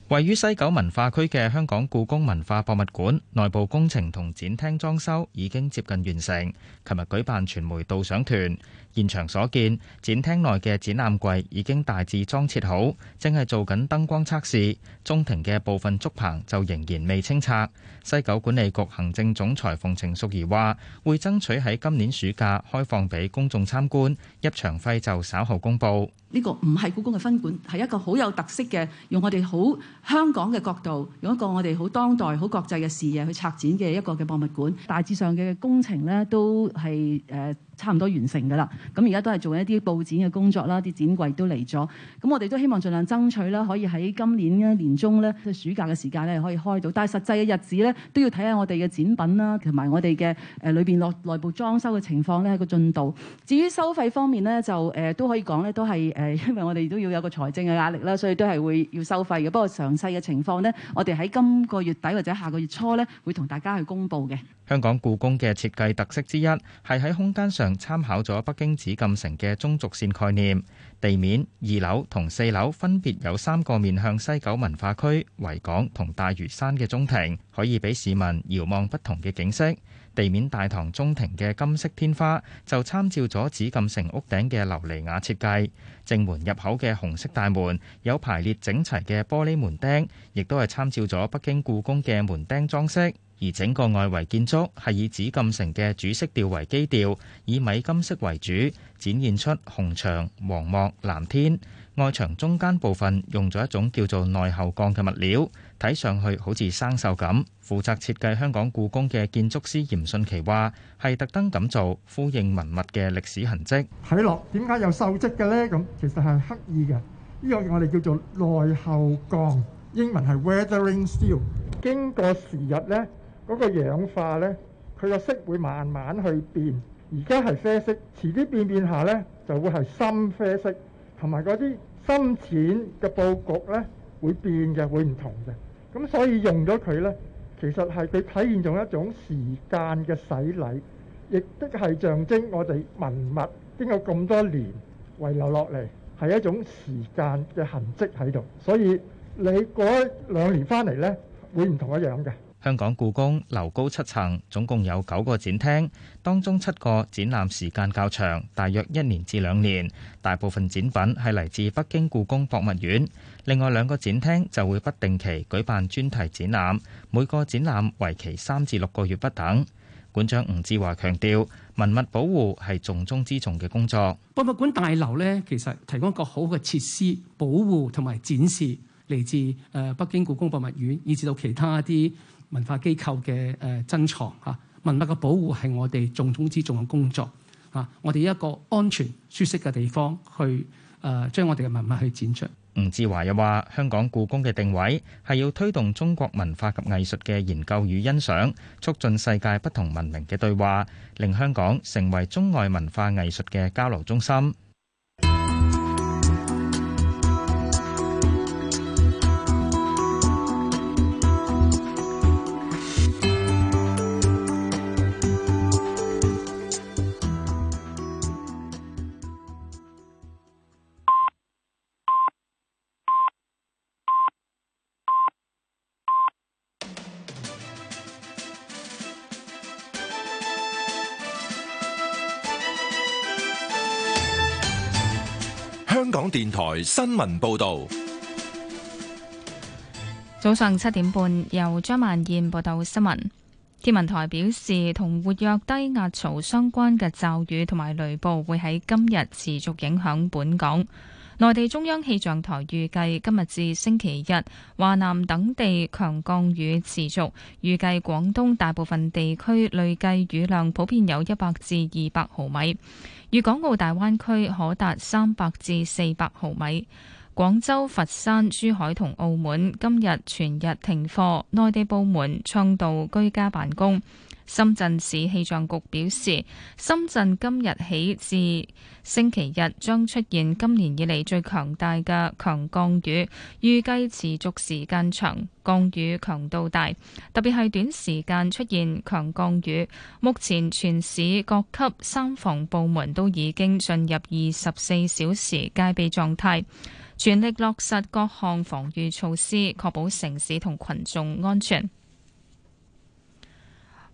Speaker 16: 位於西九文化區嘅香港故宮文化博物館內部工程同展廳裝修已經接近完成。琴日舉辦傳媒導賞團，現場所見展廳內嘅展覽櫃已經大致裝設好，正係做緊燈光測試。中庭嘅部分竹棚就仍然未清拆。西九管理局行政總裁馮程淑儀話，會爭取喺今年暑假開放俾公眾參觀，入場費就稍後公布。
Speaker 3: 呢個唔係故宮嘅分館，係一個好有特色嘅，用我哋好香港嘅角度，用一個我哋好當代、好國際嘅視野去策展嘅一個嘅博物館。大致上嘅工程呢，都係誒差唔多完成噶啦，咁而家都係做一啲佈展嘅工作啦，啲展櫃都嚟咗，咁我哋都希望盡量爭取啦，可以喺今年嘅年中咧，即、暑假嘅時間咧，可以開到。但係實際嘅日子咧，都要睇下我哋嘅展品啦，同埋我哋嘅誒裏邊落內部裝修嘅情況咧，個進度。至於收費方面咧，就誒、呃、都可以講咧，都係誒、呃，因為我哋都要有個財政嘅壓力啦，所以都係會要收費嘅。不過詳細嘅情況咧，我哋喺今個月底或者下個月初咧，會同大家去公布嘅。
Speaker 16: 香港故宮嘅設計特色之一係喺空間上參考咗北京紫禁城嘅中軸線概念，地面、二樓同四樓分別有三個面向西九文化區、維港同大嶼山嘅中庭，可以俾市民遙望不同嘅景色。地面大堂中庭嘅金色天花就參照咗紫禁城屋頂嘅琉璃瓦設計。正門入口嘅紅色大門有排列整齊嘅玻璃門釘，亦都係參照咗北京故宮嘅門釘裝飾。而整個外圍建築係以紫禁城嘅主色調為基調，以米金色為主，展現出紅牆、黃幕、藍天。外牆中間部分用咗一種叫做耐候鋼嘅物料，睇上去好似生鏽咁。負責設計香港故宮嘅建築師嚴迅奇話，係特登咁做，呼應文物嘅歷史痕跡。睇
Speaker 17: 落點解有鏽跡嘅呢？咁其實係刻意嘅。呢個我哋叫做耐候鋼，英文係 weathering steel，經過時日呢。嗰個氧化呢，佢個色會慢慢去變。而家係啡色，遲啲變變下呢，就會係深啡色，同埋嗰啲深淺嘅佈局呢，會變嘅，會唔同嘅。咁所以用咗佢呢，其實係佢體現咗一種時間嘅洗禮，亦都係象徵我哋文物經過咁多年遺留落嚟，係一種時間嘅痕跡喺度。所以你過兩年翻嚟呢，會唔同一樣嘅。
Speaker 16: 香港故宮樓高七層，總共有九個展廳，當中七個展覽時間較長，大約一年至兩年。大部分展品係嚟自北京故宮博物院，另外兩個展廳就會不定期舉辦專題展覽，每個展覽為期三至六個月不等。館長吳志華強調，文物保護係重中之重嘅工作。博物館大樓咧，其實提供一個好嘅設施保
Speaker 7: 護同埋展示嚟自誒北京故宮博物院，以至到其他一啲。文化機構嘅誒珍藏嚇，文物嘅保護係我哋重中之重嘅工作
Speaker 16: 嚇。我哋一個安全、舒適嘅地方去誒，將我哋嘅文物去展出。吳志華又話：香港故宮嘅定位係要推動中國文化及藝術嘅研究與欣賞，促進世界不同文明嘅對話，令香港成為中外文化藝術嘅交流中心。
Speaker 1: 新聞報道，
Speaker 14: 早上七點半，由張萬燕報道新聞。天文台表示，同活躍低壓槽相關嘅驟雨同埋雷暴會喺今日持續影響本港。內地中央氣象台預計今日至星期日，華南等地強降雨持續。預計廣東大部分地區累計雨量普遍有一百至二百毫米，粵港澳大灣區可達三百至四百毫米。廣州、佛山、珠海同澳門今日全日停課，內地部門倡導居家辦公。深圳市氣象局表示，深圳今日起至星期日將出現今年以嚟最強大嘅強降雨，預計持續時間長，降雨強度大，特別係短時間出現強降雨。目前全市各級三防部門都已經進入二十四小時戒備狀態，全力落實各項防禦措施，確保城市同群眾安全。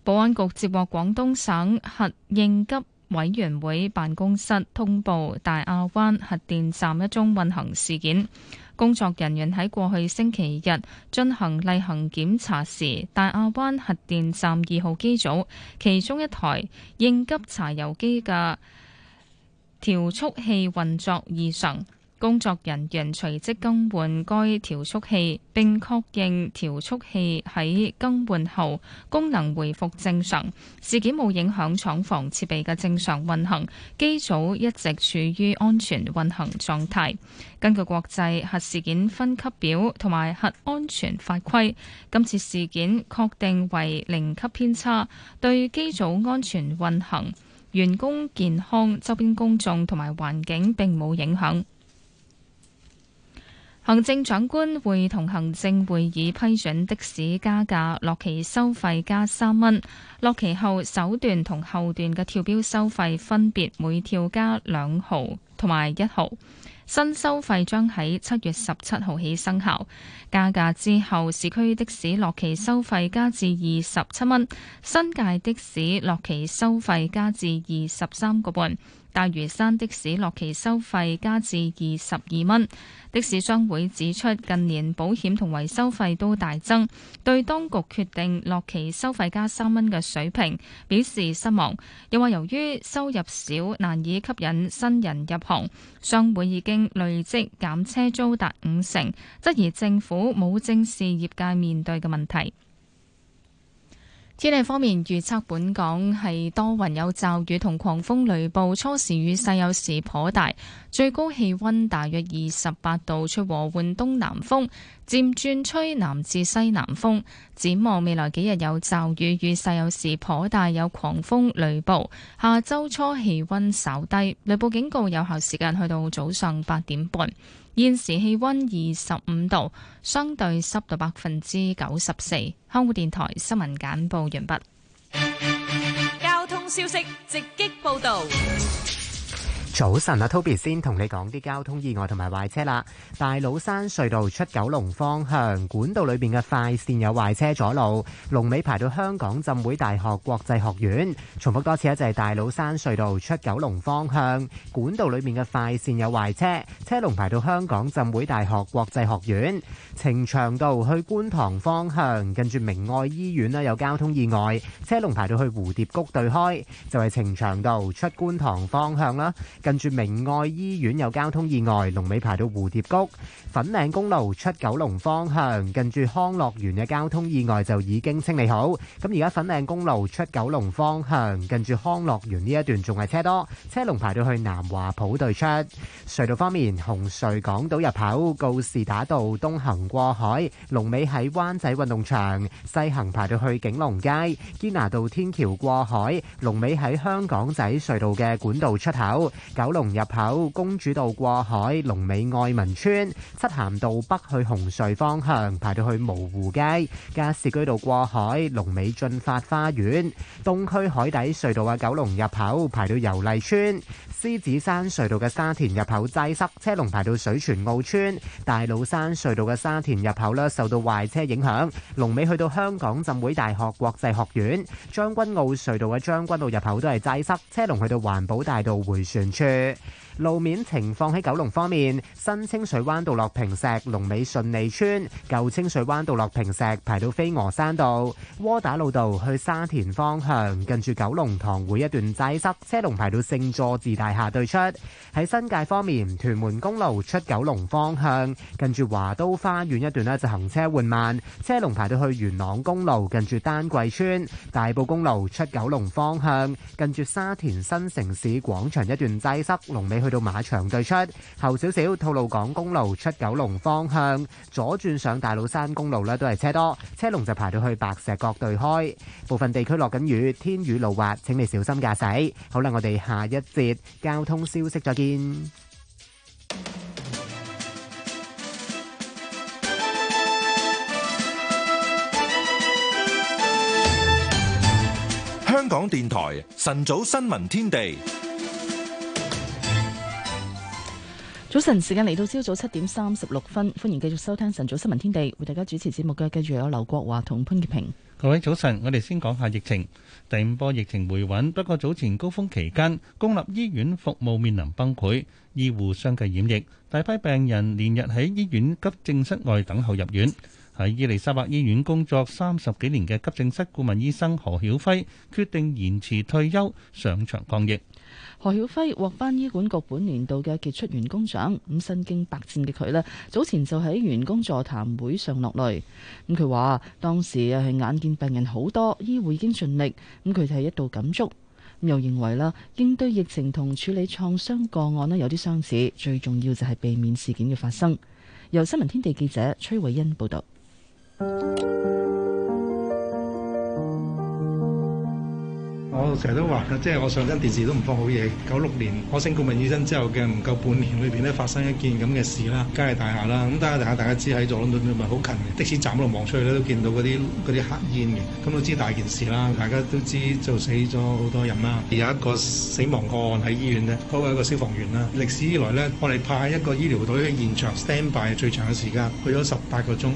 Speaker 14: 保安局接獲廣東省核應急委員會辦公室通報，大亞灣核電站一宗運行事件。工作人員喺過去星期日進行例行檢查時，大亞灣核電站二號機組其中一台應急柴油機嘅調速器運作異常。工作人員隨即更換該調速器，並確認調速器喺更換後功能回復正常。事件冇影響廠房設備嘅正常運行，機組一直處於安全運行狀態。根據國際核事件分級表同埋核安全法規，今次事件確定為零級偏差，對機組安全運行、員工健康、周邊公眾同埋環境並冇影響。行政長官會同行政會議批准的士加價，落期收費加三蚊。落期後，首段同後段嘅跳標收費分別每跳加兩毫同埋一毫。新收費將喺七月十七號起生效。加價之後，市區的士落期收費加至二十七蚊，新界的士落期收費加至二十三個半。大嶼山的士落旗收費加至二十二蚊，的士商會指出近年保險同維修費都大增，對當局決定落旗收費加三蚊嘅水平表示失望，又話由於收入少，難以吸引新人入行，商會已經累積減車租達五成，質疑政府冇正視業界面對嘅問題。天氣方面預測，預測本港係多雲有驟雨同狂風雷暴，初時雨勢有時頗大，最高氣温大約二十八度，吹和緩東南風，漸轉吹南至西南風。展望未來幾日有驟雨，雨勢有時頗大，有狂風雷暴。下周初氣温稍低，雷暴警告有效時間去到早上八點半。現時氣溫二十五度，相對濕度百分之九十四。香港電台新聞簡報完畢。
Speaker 11: 交通消息直擊報道。
Speaker 13: 早晨啊，Toby 先同你講啲交通意外同埋壞車啦。大老山隧道出九龍方向管道裏邊嘅快線有壞車阻路，龍尾排到香港浸會大學國際學院。重複多次啊，就係大老山隧道出九龍方向管道裏邊嘅快線有壞車，車龍排到香港浸會大學國際學院。呈祥道去觀塘方向，跟住明愛醫院啦有交通意外，車龍排到去蝴蝶谷對開，就係呈祥道出觀塘方向啦。近住明愛醫院有交通意外，龍尾排到蝴蝶谷。粉嶺公路出九龍方向，近住康樂園嘅交通意外就已經清理好。咁而家粉嶺公路出九龍方向，近住康樂園呢一段仲係車多，車龍排到去南華埔對出。隧道方面，紅隧港島入口告士打道東行過海，龍尾喺灣仔運動場；西行排到去景隆街堅拿道天橋過海，龍尾喺香港仔隧道嘅管道出口。九龍入口公主道過海，龍尾愛民村。漆咸道,北去紅隧方向,排到去蕪湖街,加士居道過海,龍尾駿發花園,東區海底隧道嘅九龍入口,排到油麗邨,獅子山隧道嘅沙田入口擠塞,車龍排到水泉澳邨,大老山隧道嘅沙田入口呢受到壞車影響,龍尾去到香港浸會大學國際學院,將軍澳隧道嘅將軍澳入口都係擠塞,車龍去到環保大道迴旋處。路面情況喺九龍方面，新清水灣道落坪石龍尾順利村，舊清水灣道落坪石排到飛鵝山道，窩打老道去沙田方向，近住九龍塘會一段擠塞，車龍排到聖座寺大廈對出。喺新界方面，屯門公路出九龍方向，近住華都花園一段呢，就行車緩慢，車龍排到去元朗公路近住丹桂村，大埔公路出九龍方向，近住沙田新城市廣場一段擠塞，龍尾。去到馬場對出後少少，吐露港公路出九龍方向左轉上大老山公路呢，都係車多車龍就排到去白石角對開。部分地區落緊雨，天雨路滑，請你小心駕駛。好啦，我哋下一節交通消息再見。
Speaker 1: 香港電台晨早新聞天地。
Speaker 3: 早晨，時間嚟到朝早七點三十六分，歡迎繼續收聽晨早新聞天地，為大家主持節目嘅繼續有劉國華同潘潔平。
Speaker 4: 各位早晨，我哋先講下疫情。第五波疫情回穩，不過早前高峰期間，公立醫院服務面臨崩潰，醫護相繼染疫，大批病人連日喺醫院急症室外等候入院。喺伊利沙伯醫院工作三十幾年嘅急症室顧問醫生何曉輝決定延遲退休，上場抗疫。
Speaker 3: 何曉輝獲頒醫管局本年度嘅傑出員工獎，咁身經百戰嘅佢呢，早前就喺員工座談會上落淚。咁佢話當時係眼見病人好多，醫護已經盡力。咁佢就係一度感觸，咁又認為啦，應對疫情同處理創傷個案呢，有啲相似，最重要就係避免事件嘅發生。由新聞天地記者崔偉恩報道。
Speaker 18: 我成日都話，即係我上親電視都唔放好嘢。九六年我升顧問醫生之後嘅唔夠半年裏邊咧，發生一件咁嘅事啦，嘉利大廈啦。咁大家大家大家知喺佐敦度咪好近嘅的， 的士站度望出去咧，都見到嗰啲啲黑煙嘅。咁都知大件事啦，大家都知就死咗好多人啦。而有一個死亡個案喺醫院咧，嗰個係一個消防員啦。歷史以來咧，我哋派一個醫療隊喺現場 stand by 最長嘅時間，去咗十八個鐘。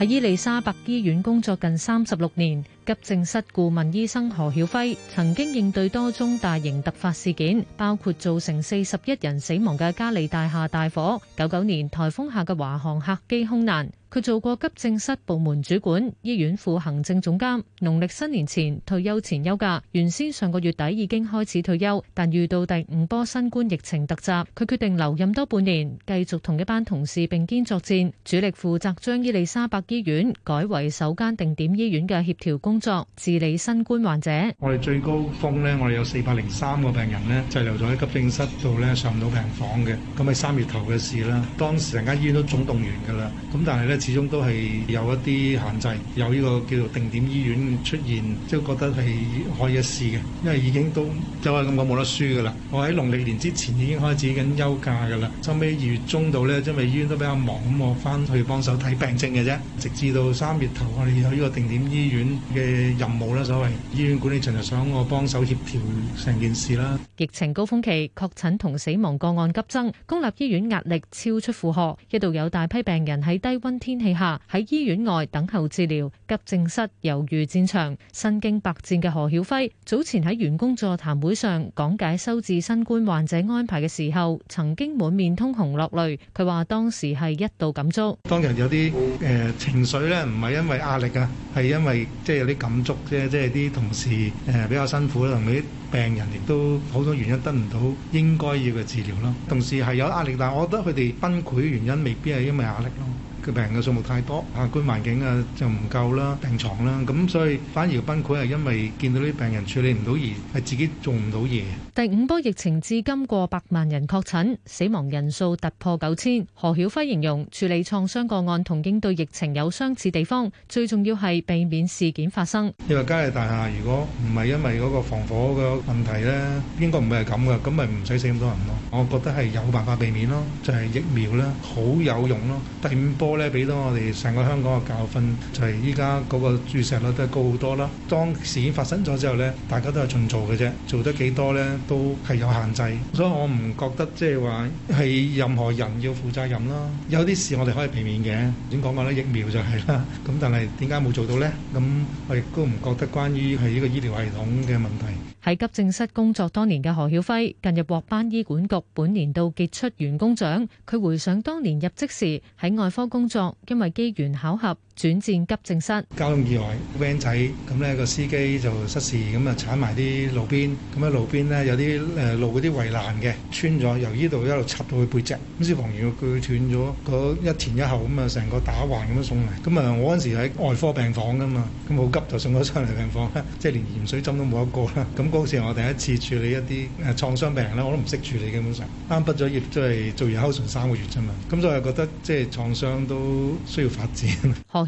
Speaker 11: 喺伊利沙伯醫院工作近三十六年。急症室顧問醫生何曉輝曾經應對多宗大型突發事件，包括造成四十一人死亡嘅嘉利大廈大火、九九年颱風下嘅華航客機空難。佢做過急症室部門主管、醫院副行政總監。農曆新年前退休前休假，原先上個月底已經開始退休，但遇到第五波新冠疫情突襲，佢決定留任多半年，繼續同一班同事並肩作戰，主力負責將伊利沙伯醫院改為首間定點醫院嘅協調工作。作治理新冠患者，
Speaker 18: 我哋最高峰咧，我哋有四百零三個病人咧，滯留咗喺急症室度咧，上唔到病房嘅，咁喺三月頭嘅事啦。當時成間醫院都總動員噶啦，咁但係咧始終都係有一啲限制，有呢個叫做定點醫院出現，即係覺得係可以一試嘅，因為已經都即係話咁講冇得輸噶啦。我喺農曆年之前已經開始緊休假噶啦，收尾二月中度咧，因為醫院都比較忙，咁我翻去幫手睇病症嘅啫，直至到三月頭，我哋去呢個定點醫院嘅任務啦，所謂醫院管理層就想我幫手協調成件事啦。
Speaker 11: 疫情高峰期，確診同死亡個案急增，公立醫院壓力超出負荷，一度有大批病人喺低溫天氣下喺醫院外等候治療。急症室猶如戰場，身經百戰嘅何曉輝早前喺員工座談會上講解收治新冠患者安排嘅時候，曾經滿面通紅落淚。佢話當時係一度感觸。
Speaker 18: 當人有啲誒、呃、情緒呢，唔係因為壓力啊，係因為即係。就是啲感觸啫，即係啲同事誒、呃、比較辛苦啦，同啲病人亦都好多原因得唔到應該要嘅治療咯。同時係有壓力，但係我覺得佢哋崩潰嘅原因未必係因為壓力咯。個病人嘅數目太多，客觀環境啊就唔夠啦，病牀啦，咁所以反而崩潰係因為見到啲病人處理唔到而係自己做唔到嘢。
Speaker 11: 第五波疫情至今過百萬人確診，死亡人數突破九千。何曉輝形容處理創傷個案同應對疫情有相似地方，最重要係避免事件發生。
Speaker 18: 你話嘉利大廈如果唔係因為嗰個防火嘅問題咧，應該唔會係咁㗎，咁咪唔使死咁多人咯。我覺得係有辦法避免咯，就係疫苗咧好有用咯。第五波。咧俾到我哋成個香港嘅教訓，就係依家嗰個注射率都係高好多啦。當事件發生咗之後咧，大家都係盡做嘅啫，做得幾多咧都係有限制。所以我唔覺得即係話係任何人要負責任啦。有啲事我哋可以避免嘅，點講話咧？疫苗就係啦。咁但係點解冇做到咧？咁我亦都唔覺得關於係呢個醫療系統嘅問題。
Speaker 11: 喺急症室工作多年嘅何曉輝，近日獲頒醫管局本年度傑出員工獎。佢回想當年入職時喺外科工作，因為機緣巧合。轉戰急症室。交通意
Speaker 18: 外，van 仔咁咧、那個司機就失事，咁啊鏟埋啲路邊，咁、那、喺、個、路邊咧有啲誒路嗰啲圍欄嘅穿咗，由呢度一路插到去背脊，咁消防員鋸斷咗，佢、那個、一前一後咁啊成個打橫咁樣送嚟，咁啊我嗰陣時喺外科病房噶嘛，咁、那、好、個、急就送咗上嚟病房啦，即係連鹽水針都冇一個啦。咁、那、嗰、個、時我第一次處理一啲誒創傷病人咧，我都唔識處理基本上，啱畢咗業都係、就是、做完休診三個月啫嘛，咁所以我覺得即係、就是、創傷都需要發展。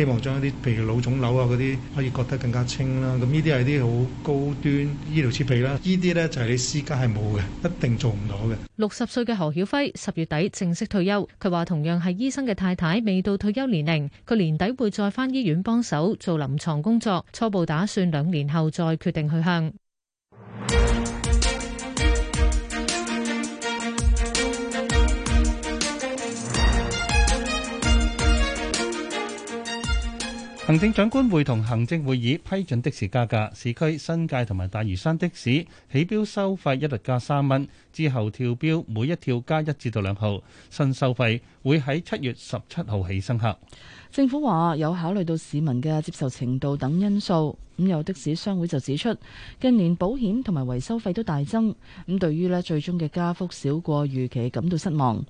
Speaker 18: 希望將一啲譬如腦腫瘤啊嗰啲可以覺得更加清啦，咁呢啲係啲好高端醫療設備啦，呢啲咧就係你私家係冇嘅，一定做唔到
Speaker 11: 嘅。六十歲嘅何曉輝十月底正式退休，佢話同樣係醫生嘅太太未到退休年齡，佢年底會再返醫院幫手做臨床工作，初步打算兩年後再決定去向。
Speaker 4: 行政長官會同行政會議批准的士加價，市區、新界同埋大嶼山的士起標收費一律加三蚊，之後跳標每一跳加一至到兩毫，新收費會喺七月十七號起生效。
Speaker 3: 政府話有考慮到市民嘅接受程度等因素，咁有的士商會就指出近年保險同埋維修費都大增，咁對於咧最終嘅加幅少過預期感到失望，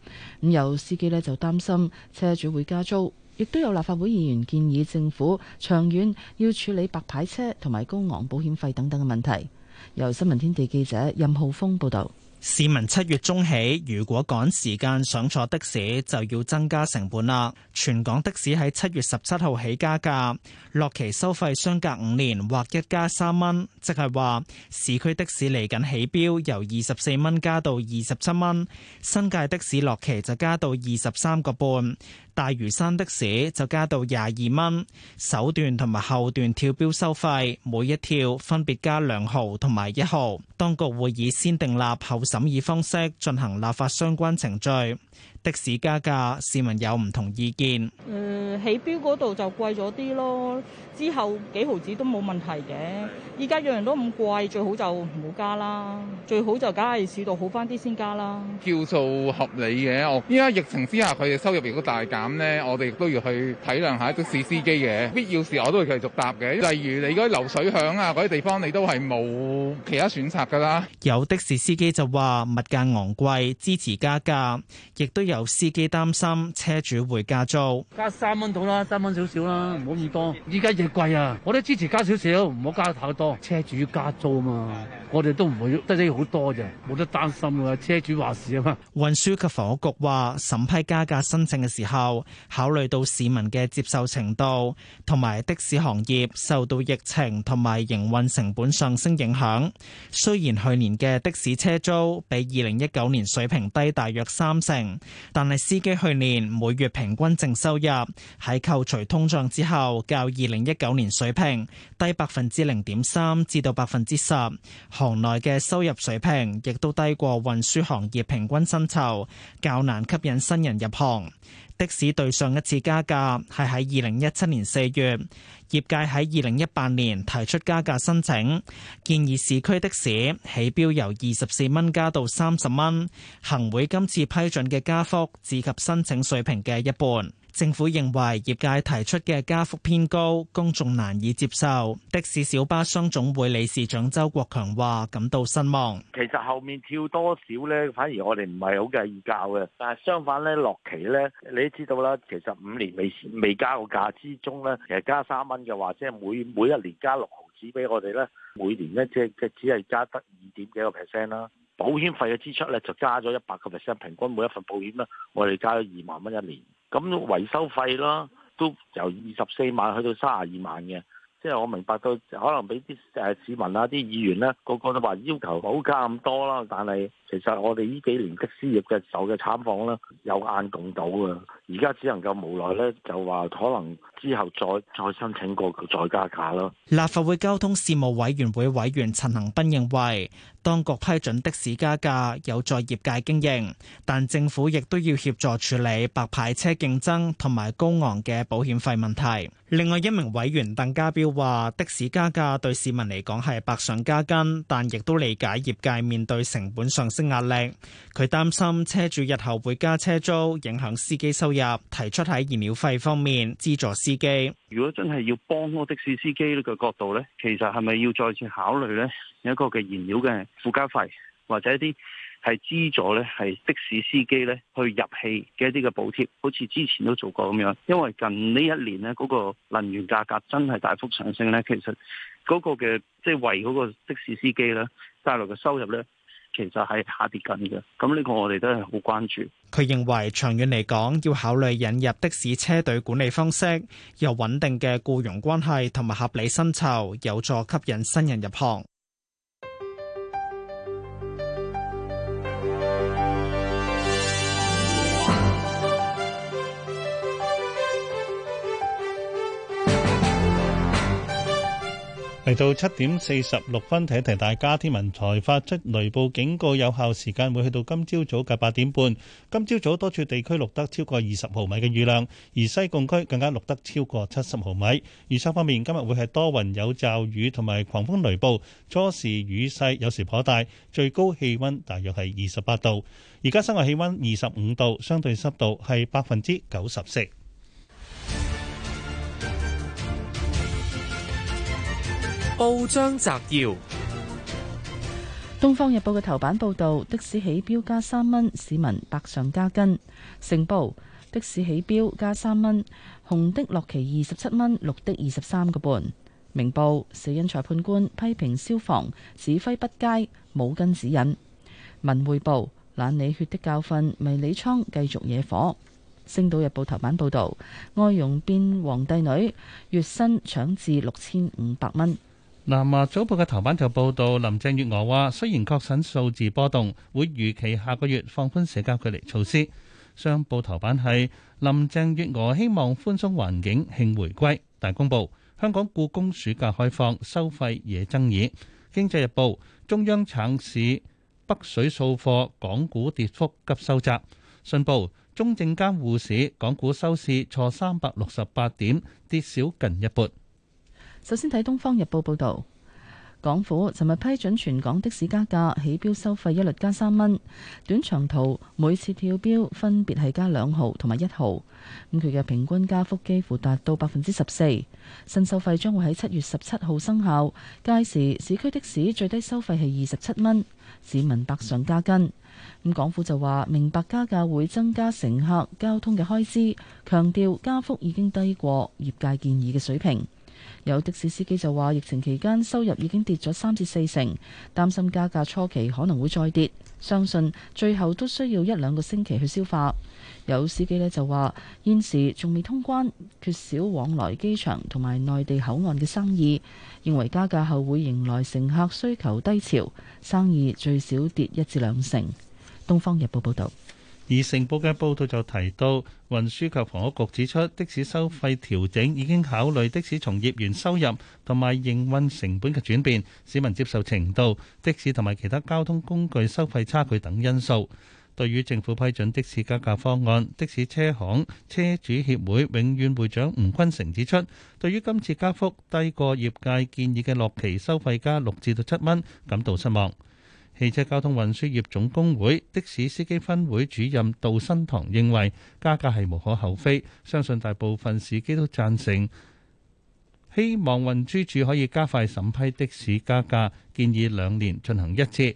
Speaker 3: 咁有司機咧就擔心車主會加租。亦都有立法會議員建議政府長遠要處理白牌車同埋高昂保險費等等嘅問題。由新聞天地記者任浩峰報導。
Speaker 19: 市民七月中起，如果趕時間想坐的士，就要增加成本啦。全港的士喺七月十七號起加價，落期收費相隔五年或一加三蚊，即係話市區的士嚟緊起標由二十四蚊加到二十七蚊，新界的士落期就加到二十三個半。大嶼山的士就加到廿二蚊，首段同埋後段跳標收費，每一跳分別加兩毫同埋一毫。當局會以先訂立後審議方式進行立法相關程序。的士加價，市民有唔同意見。誒、
Speaker 16: 嗯、起標嗰度就貴咗啲咯，之後幾毫子都冇問題嘅。
Speaker 14: 依家樣樣都咁貴，最好就唔好加啦。最好就梗係市道好翻啲先加
Speaker 3: 啦。
Speaker 19: 叫做合理嘅。我依家疫情之下，佢哋收入亦都大減呢。我哋亦都要去體諒下的士司機嘅。必要時我都會繼續搭嘅。例如你嗰啲流水響啊嗰啲地方，你都係冇其他選擇㗎啦。有的士司機就話物價昂貴，支持加價，亦都。有司機擔心車主會加租，
Speaker 4: 加三蚊到啦，三蚊少少啦，唔好意多。依家越貴啊，我都支持加少少，唔好加太多。車主加租嘛，我哋都唔會得益好多啫，冇得擔心噶。車主
Speaker 19: 話事啊嘛。運輸及房屋局話，審批加價申請嘅時候，考慮到市民嘅接受程度，同埋的士行業受到疫情同埋營運成本上升影響。雖然去年嘅的、的士車租比二零一九年水平低大約三成。但係，司機去年每月平均淨收入喺扣除通脹之後，較二零一九年水平低百分之零點三至到百分之十。行內嘅收入水平亦都低過運輸行業平均薪酬，較難吸引新人入行。的士對上一次加價係喺二零一七年四月。業界喺二零一八年提出加價申請，建議市區的士起標由二十四蚊加到三十蚊。行會今次批准嘅加幅只及申請水平嘅一半。政府認為業界提出嘅加幅偏高，公眾難以接受。的士小巴商總會理事長周國強話：感到失望。
Speaker 9: 其實後面跳多少咧，反而我哋唔係好計較嘅。但係相反咧，落旗咧，你都知道啦，其實五年未未加過價之中咧，其實加三蚊嘅話，即係每每一年加六毫子俾我哋咧，每年咧即係即係只係加得二點幾個 percent 啦。保險費嘅支出咧就加咗一百個 percent，平均每一份保險咧，我哋加咗二萬蚊一年。咁維修費啦，都由二十四萬去到三十二萬嘅。即係我明白到，可能俾啲誒市民啊、啲議員咧，個個都話要求好加咁多啦。但係其實我哋呢幾年的士業嘅受嘅慘況咧，有眼共睹嘅。而家只能夠無奈咧，就話可能之後再再申請過再加價啦。
Speaker 19: 立法會交通事務委員會委員,委員陳恒鑌認為。當局批准的士加價有助業界經營，但政府亦都要協助處理白牌車競爭同埋高昂嘅保險費問題。另外一名委員鄧家標話，的士加價對市民嚟講係百上加斤，但亦都理解業界面對成本上升壓力。佢擔心車主日後會加車租，影響司機收入，提出喺燃料費方面資助司機。
Speaker 9: 如果真係要幫個的士司機嘅角度呢，其實係咪要再次考慮呢？有一個嘅燃料嘅附加費，或者一啲係資助呢係的士司機呢去入氣嘅一啲嘅補貼，好似之前都做過咁樣。因為近呢一年呢，嗰個能源價格真係大幅上升呢，其實嗰個嘅即係為嗰個的士司機呢帶來嘅收入呢，其實係下跌緊嘅。咁呢個我哋都係好關注。
Speaker 19: 佢認為長遠嚟講，要考慮引入的士車隊管理方式，有穩定嘅僱傭關係同埋合理薪酬，有助吸引新人入行。
Speaker 4: 嚟到七點四十六分，提一提大家，天文台發出雷暴警告，有效時間會去到今朝早嘅八點半。今朝早多處地區錄得超過二十毫米嘅雨量，而西貢區更加錄得超過七十毫米。預測方面，今日會係多雲有驟雨同埋狂風雷暴，初時雨勢有時頗大，最高氣溫大約係二十八度。而家室外氣溫二十五度，相對濕度係百分之九十四。
Speaker 11: 《報章
Speaker 3: 摘要：東方日報》嘅頭版報道的士起錶加三蚊，市民百上加斤。成報的士起錶加三蚊，紅的落旗二十七蚊，綠的二十三個半。明報死因裁判官批評消防指揮不佳，冇跟指引。文匯報懶理血的教訓，迷你倉繼續惹火。《星島日報》頭版報道，外傭變皇帝女，月薪搶至六千五百蚊。南華早
Speaker 4: 報嘅頭版就報道林鄭月娥話，雖然確診數字波動，會預期下個月放寬社交距離措施。商報頭版係林鄭月娥希望寬鬆環境慶回歸。大公報：香港故宮暑假開放，收費惹爭議。經濟日報：中央省市北水掃貨，港股跌幅急收窄。信報：中證監護市港股收市挫三百六十八點，跌少近一半。
Speaker 3: 首先睇《東方日報》報道，港府尋日批准全港的士加價，起標收費一律加三蚊，短長途每次跳標分別係加兩毫同埋一毫。咁佢嘅平均加幅幾乎達到百分之十四。新收費將會喺七月十七號生效。屆時市區的士最低收費係二十七蚊，市民百上加斤。咁港府就話明白加價會增加乘客交通嘅開支，強調加幅已經低過業界建議嘅水平。有的士司機就話：疫情期間收入已經跌咗三至四成，擔心加價初期可能會再跌，相信最後都需要一兩個星期去消化。有司機呢就話，現時仲未通關，缺少往來機場同埋內地口岸嘅生意，認為加價後會迎來乘客需求低潮，生意最少跌一至兩成。《東方日報》報道。
Speaker 4: 而成報嘅報道就提到，運輸及房屋局指出，的士收費調整已經考慮的士從業員收入同埋營運成本嘅轉變、市民接受程度、的士同埋其他交通工具收費差距等因素。對於政府批准的士加價方案，的士車行車主協會永遠會長吳君成指出，對於今次加幅低過業界建議嘅落旗收費加六至到七蚊，感到失望。汽車交通運輸業總工會的士司機分會主任杜新堂認為加價係無可厚非，相信大部分司機都贊成，希望運輸署可以加快審批的士加價，建議兩年進行一次。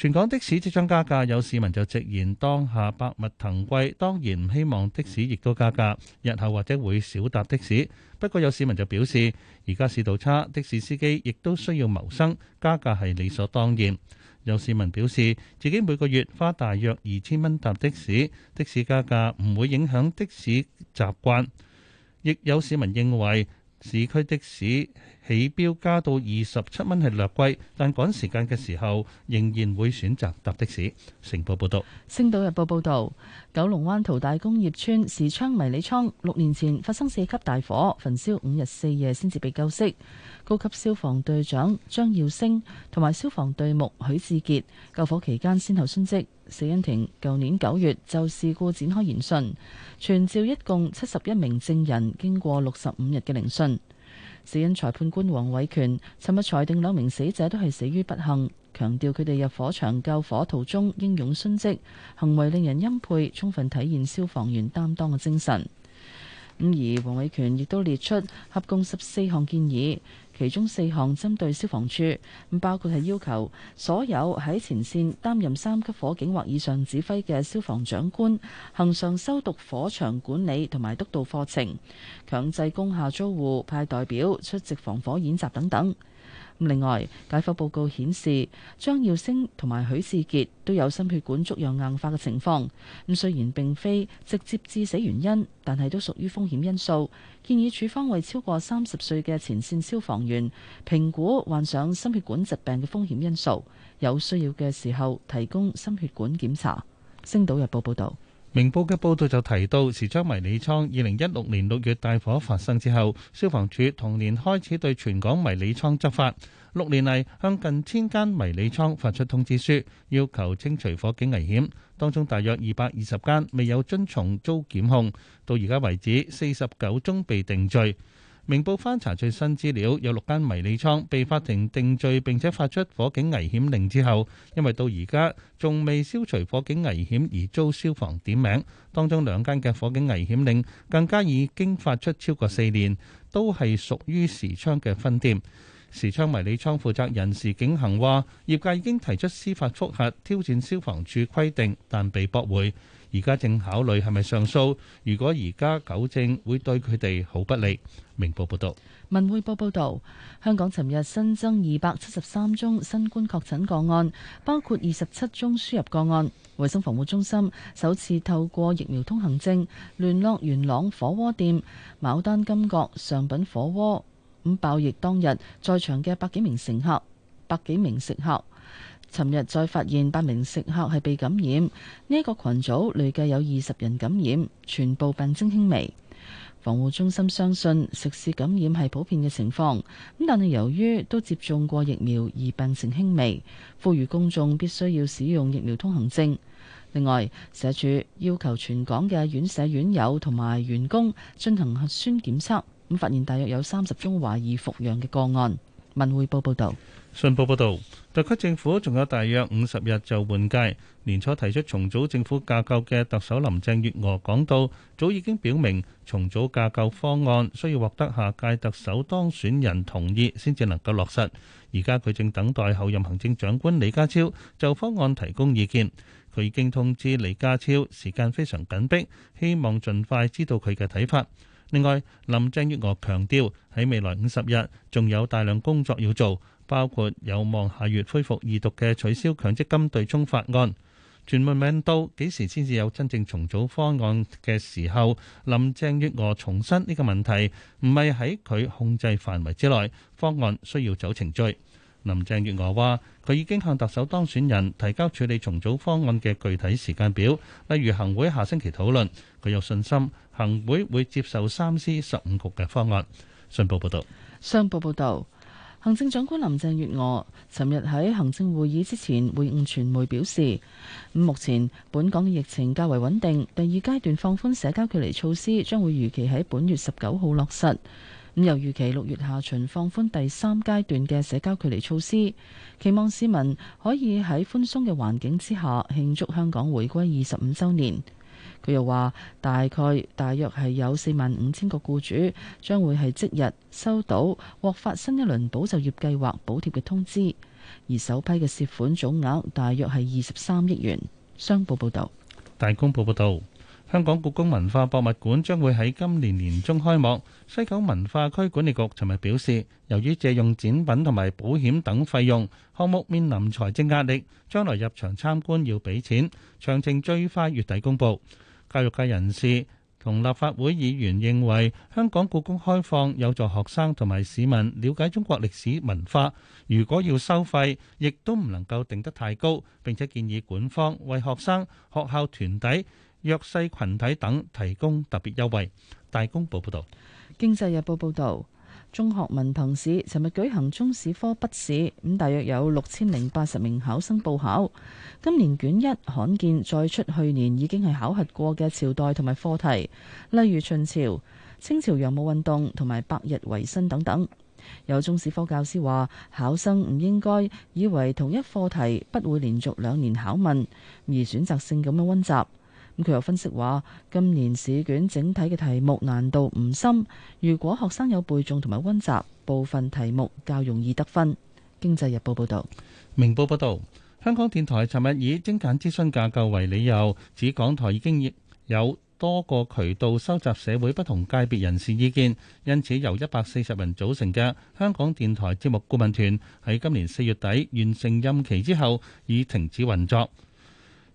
Speaker 4: 全港的士即將加價，有市民就直言當下百物騰貴，當然唔希望的士亦都加價，日後或者會少搭的士，不過有市民就表示，而家市道差，的士司機亦都需要謀生，加價係理所當然。有市民表示自己每個月花大約二千蚊搭的士，的士加價唔會影響的士習慣，亦有市民認為。市區的士起錶加到二十七蚊係略貴，但趕時間嘅時候仍然會選擇搭的士。成報報道，
Speaker 3: 《星島日報》報道，九龍灣淘大工業村時昌迷你倉六年前發生四級大火，焚燒五日四夜先至被救熄。高級消防隊長張耀升同埋消防隊目許志傑救火期間先後殉職，死因庭舊年九月就事故展開研訊。傳召一共七十一名證人，經過六十五日嘅聆訊。死因裁判官黃偉權尋日裁定兩名死者都係死於不幸，強調佢哋入火場救火途中英勇殉職，行為令人欽佩，充分體現消防員擔當嘅精神。咁而黃偉權亦都列出合共十四項建議。其中四項針對消防處，包括係要求所有喺前線擔任三級火警或以上指揮嘅消防長官，恆常修讀火場管理同埋督導課程，強制工廈租戶派代表出席防火演習等等。另外，解剖報告顯示張耀星同埋許志傑都有心血管粥樣硬化嘅情況。咁雖然並非直接致死原因，但係都屬於風險因素。建議處方為超過三十歲嘅前線消防員評估患上心血管疾病嘅風險因素，有需要嘅時候提供心血管檢查。星島日報報導。
Speaker 4: 明報嘅報道就提到，時昌迷你倉二零一六年六月大火發生之後，消防處同年開始對全港迷你倉執法，六年嚟向近千間迷你倉發出通知書，要求清除火警危險，當中大約二百二十間未有遵從遭檢控，到而家為止四十九宗被定罪。明報翻查最新資料，有六間迷你倉被法庭定罪，並且發出火警危險令之後，因為到而家仲未消除火警危險，而遭消防點名。當中兩間嘅火警危險令更加已經發出超過四年，都係屬於時昌嘅分店。時昌迷你倉負責人時景恒話：業界已經提出司法覆核挑戰消防處規定，但被駁回。而家正考慮係咪上訴。如果而家糾正，會對佢哋好不利。明報報導，
Speaker 3: 文匯報報導，香港尋日新增二百七十三宗新冠確診個案，包括二十七宗輸入個案。衞生防護中心首次透過疫苗通行證聯絡元朗火鍋店牡丹金閣上品火鍋。咁爆疫當日，在場嘅百幾名乘客、百幾名食客，尋日再發現八名食客係被感染。呢一個群組累計有二十人感染，全部病徵輕微。防護中心相信食肆感染係普遍嘅情況，咁但係由於都接種過疫苗而病情輕微，呼籲公眾必須要使用疫苗通行證。另外，社署要求全港嘅院舍院友同埋員工進行核酸檢測，咁發現大約有三十宗懷疑復陽嘅個案。文匯報報道。
Speaker 4: 信報報導，特區政府仲有大約五十日就換屆。年初提出重組政府架構嘅特首林鄭月娥講到，早已經表明重組架構方案需要獲得下屆特首當選人同意先至能夠落實。而家佢正等待候任行政長官李家超就方案提供意見。佢已經通知李家超，時間非常緊迫，希望盡快知道佢嘅睇法。另外，林鄭月娥強調喺未來五十日仲有大量工作要做。包括有望下月恢復二讀嘅取消強積金對沖法案。傳媒問到幾時先至有真正重組方案嘅時候，林鄭月娥重申呢個問題唔係喺佢控制範圍之內，方案需要走程序。林鄭月娥話，佢已經向特首當選人提交處理重組方案嘅具體時間表，例如行會下星期討論，佢有信心，行會，會會接受三司十五局嘅方案。信報報道，
Speaker 3: 商報報道。行政長官林鄭月娥尋日喺行政會議之前會晤傳媒表示，目前本港嘅疫情較為穩定，第二階段放寬社交距離措施將會如期喺本月十九號落實。咁又預期六月下旬放寬第三階段嘅社交距離措施，期望市民可以喺寬鬆嘅環境之下慶祝香港回歸二十五周年。佢又話：大概大約係有四萬五千個雇主將會喺即日收到獲發新一輪保就業計劃補貼嘅通知，而首批嘅涉款總額大約係二十三億元。商報報道：
Speaker 4: 「大公報報道，香港故宮文化博物館將會喺今年年中開幕。西九文化區管理局尋日表示，由於借用展品同埋保險等費用，項目面臨財政壓力，將來入場參觀要俾錢，詳情最快月底公佈。教育界人士同立法會議員認為，香港故宮開放有助學生同埋市民了解中國歷史文化。如果要收費，亦都唔能夠定得太高。並且建議管方為學生、學校團體、弱勢群體等提供特別優惠。大
Speaker 3: 公報報道。《經濟日報》報導。中學文憑試尋日舉行中史科筆試，咁大約有六千零八十名考生報考。今年卷一罕見再出去年已經係考核過嘅朝代同埋課題，例如秦朝、清朝洋務運動同埋百日維新等等。有中史科教師話，考生唔應該以為同一課題不會連續兩年考問，而選擇性咁樣溫習。佢又分析話：今年試卷整體嘅題目難度唔深，如果學生有背誦同埋温習，部分題目較容易得分。經濟日報報道，
Speaker 4: 明報報道。香港電台尋日以精簡諮詢架構為理由，指港台已經有多個渠道收集社會不同界別人士意見，因此由一百四十人組成嘅香港電台節目顧問團喺今年四月底完成任期之後，已停止運作。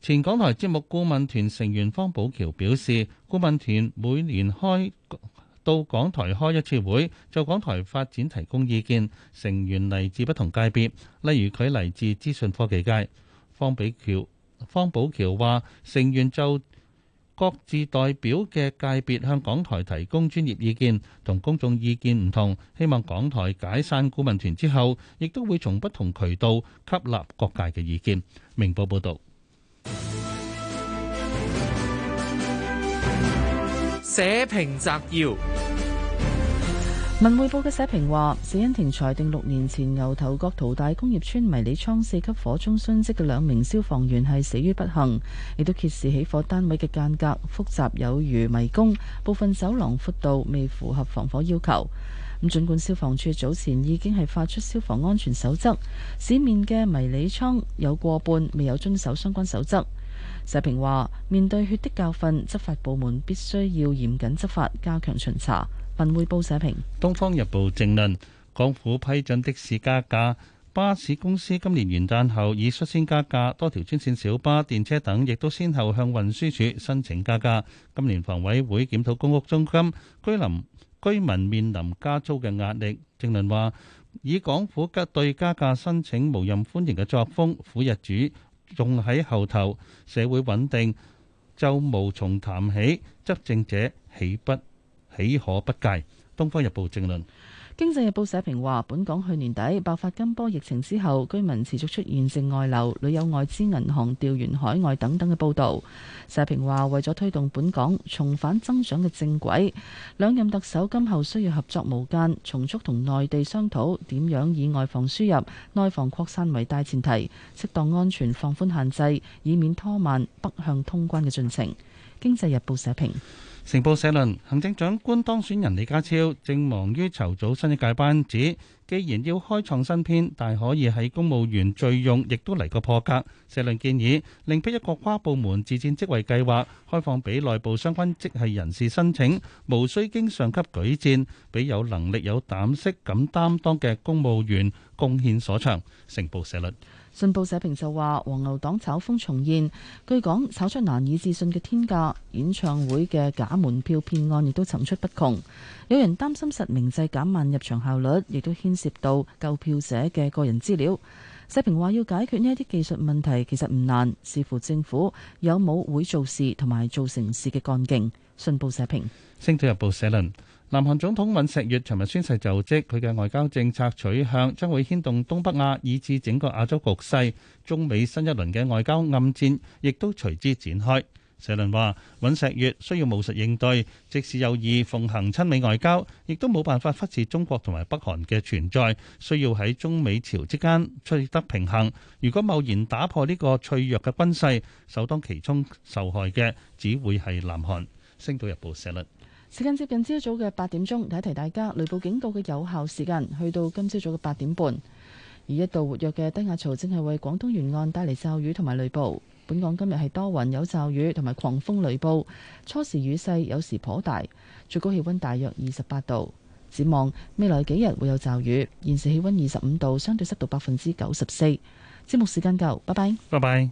Speaker 4: 前港台節目顧問團成員方寶橋表示，顧問團每年開到港台開一次會，就港台發展提供意見。成員嚟自不同界別，例如佢嚟自資訊科技界。方比橋方寶橋話：成員就各自代表嘅界別向港台提供專業意見，同公眾意見唔同。希望港台解散顧問團之後，亦都會從不同渠道吸納各界嘅意見。明報報導。
Speaker 3: 社評摘要：文滙報嘅社評話，死因庭裁定六年前牛頭角淘大工業村迷你倉四級火中殉職嘅兩名消防員係死於不幸，亦都揭示起火單位嘅間隔複雜有如迷宮，部分走廊闊度未符合防火要求。咁盡管消防處早前已經係發出消防安全守則，市面嘅迷你倉有過半未有遵守相關守則。社評話：面對血的教訓，執法部門必須要嚴謹執法，加強巡查。文匯報社評，《
Speaker 4: 東方日報》正論：港府批准的士加價，巴士公司今年元旦後已率先加價，多條專線小巴、電車等亦都先後向運輸署申請加價。今年房委會檢討公屋租金居臨居民面臨加租嘅壓力。正論話：以港府急對加價申請無任歡迎嘅作風，苦日主。仲喺後頭，社會穩定就無從談起，執政者豈不豈可不戒？《東方日報》正論。
Speaker 3: 經濟日報社評話，本港去年底爆發金波疫情之後，居民持續出現性外流、旅遊外資銀行調援海外等等嘅報導。社評話，為咗推動本港重返增長嘅正軌，兩任特首今後需要合作無間，重組同內地商討點樣以外防輸入、內防擴散為大前提，適當安全放寬限制，以免拖慢北向通關嘅進程。經濟日報社評。
Speaker 4: 《成報》社論：行政長官當選人李家超正忙於籌組新一屆班子，既然要開創新篇，但可以喺公務員續用，亦都嚟個破格。社論建議另闢一個跨部門自薦職位計劃，開放俾內部相關職系人士申請，無需經上級舉薦，俾有能力有膽識敢擔當嘅公務員貢獻所長。《成報》社論。
Speaker 3: 信報社評就話：黃牛黨炒風重現，據講炒出難以置信嘅天價演唱會嘅假門票騙案亦都層出不窮。有人擔心實名制減慢入場效率，亦都牽涉到購票者嘅個人資料。社評話：要解決呢一啲技術問題，其實唔難，視乎政府有冇會做事同埋做成事嘅幹勁。信報社評，
Speaker 4: 《星島日報》社論。南韓總統尹錫悅尋日宣誓就職，佢嘅外交政策取向將會牽動東北亞以至整個亞洲局勢。中美新一輪嘅外交暗戰亦都隨之展開。社論話：尹錫悅需要務實應對，即使有意奉行親美外交，亦都冇辦法忽視中國同埋北韓嘅存在，需要喺中美朝之間取得平衡。如果貿然打破呢個脆弱嘅軍勢，首當其衝受害嘅只會係南韓。星島日報社論。
Speaker 3: 時間接近朝早嘅八點鐘，提提大家雷暴警告嘅有效時間，去到今朝早嘅八點半。而一道活躍嘅低壓槽正係為廣東沿岸帶嚟驟雨同埋雷暴。本港今日係多雲有驟雨同埋狂風雷暴，初時雨勢有時頗大，最高氣溫大約二十八度。展望未來幾日會有驟雨，現時氣溫二十五度，相對濕度百分之九十四。節目時間夠，拜拜，拜拜。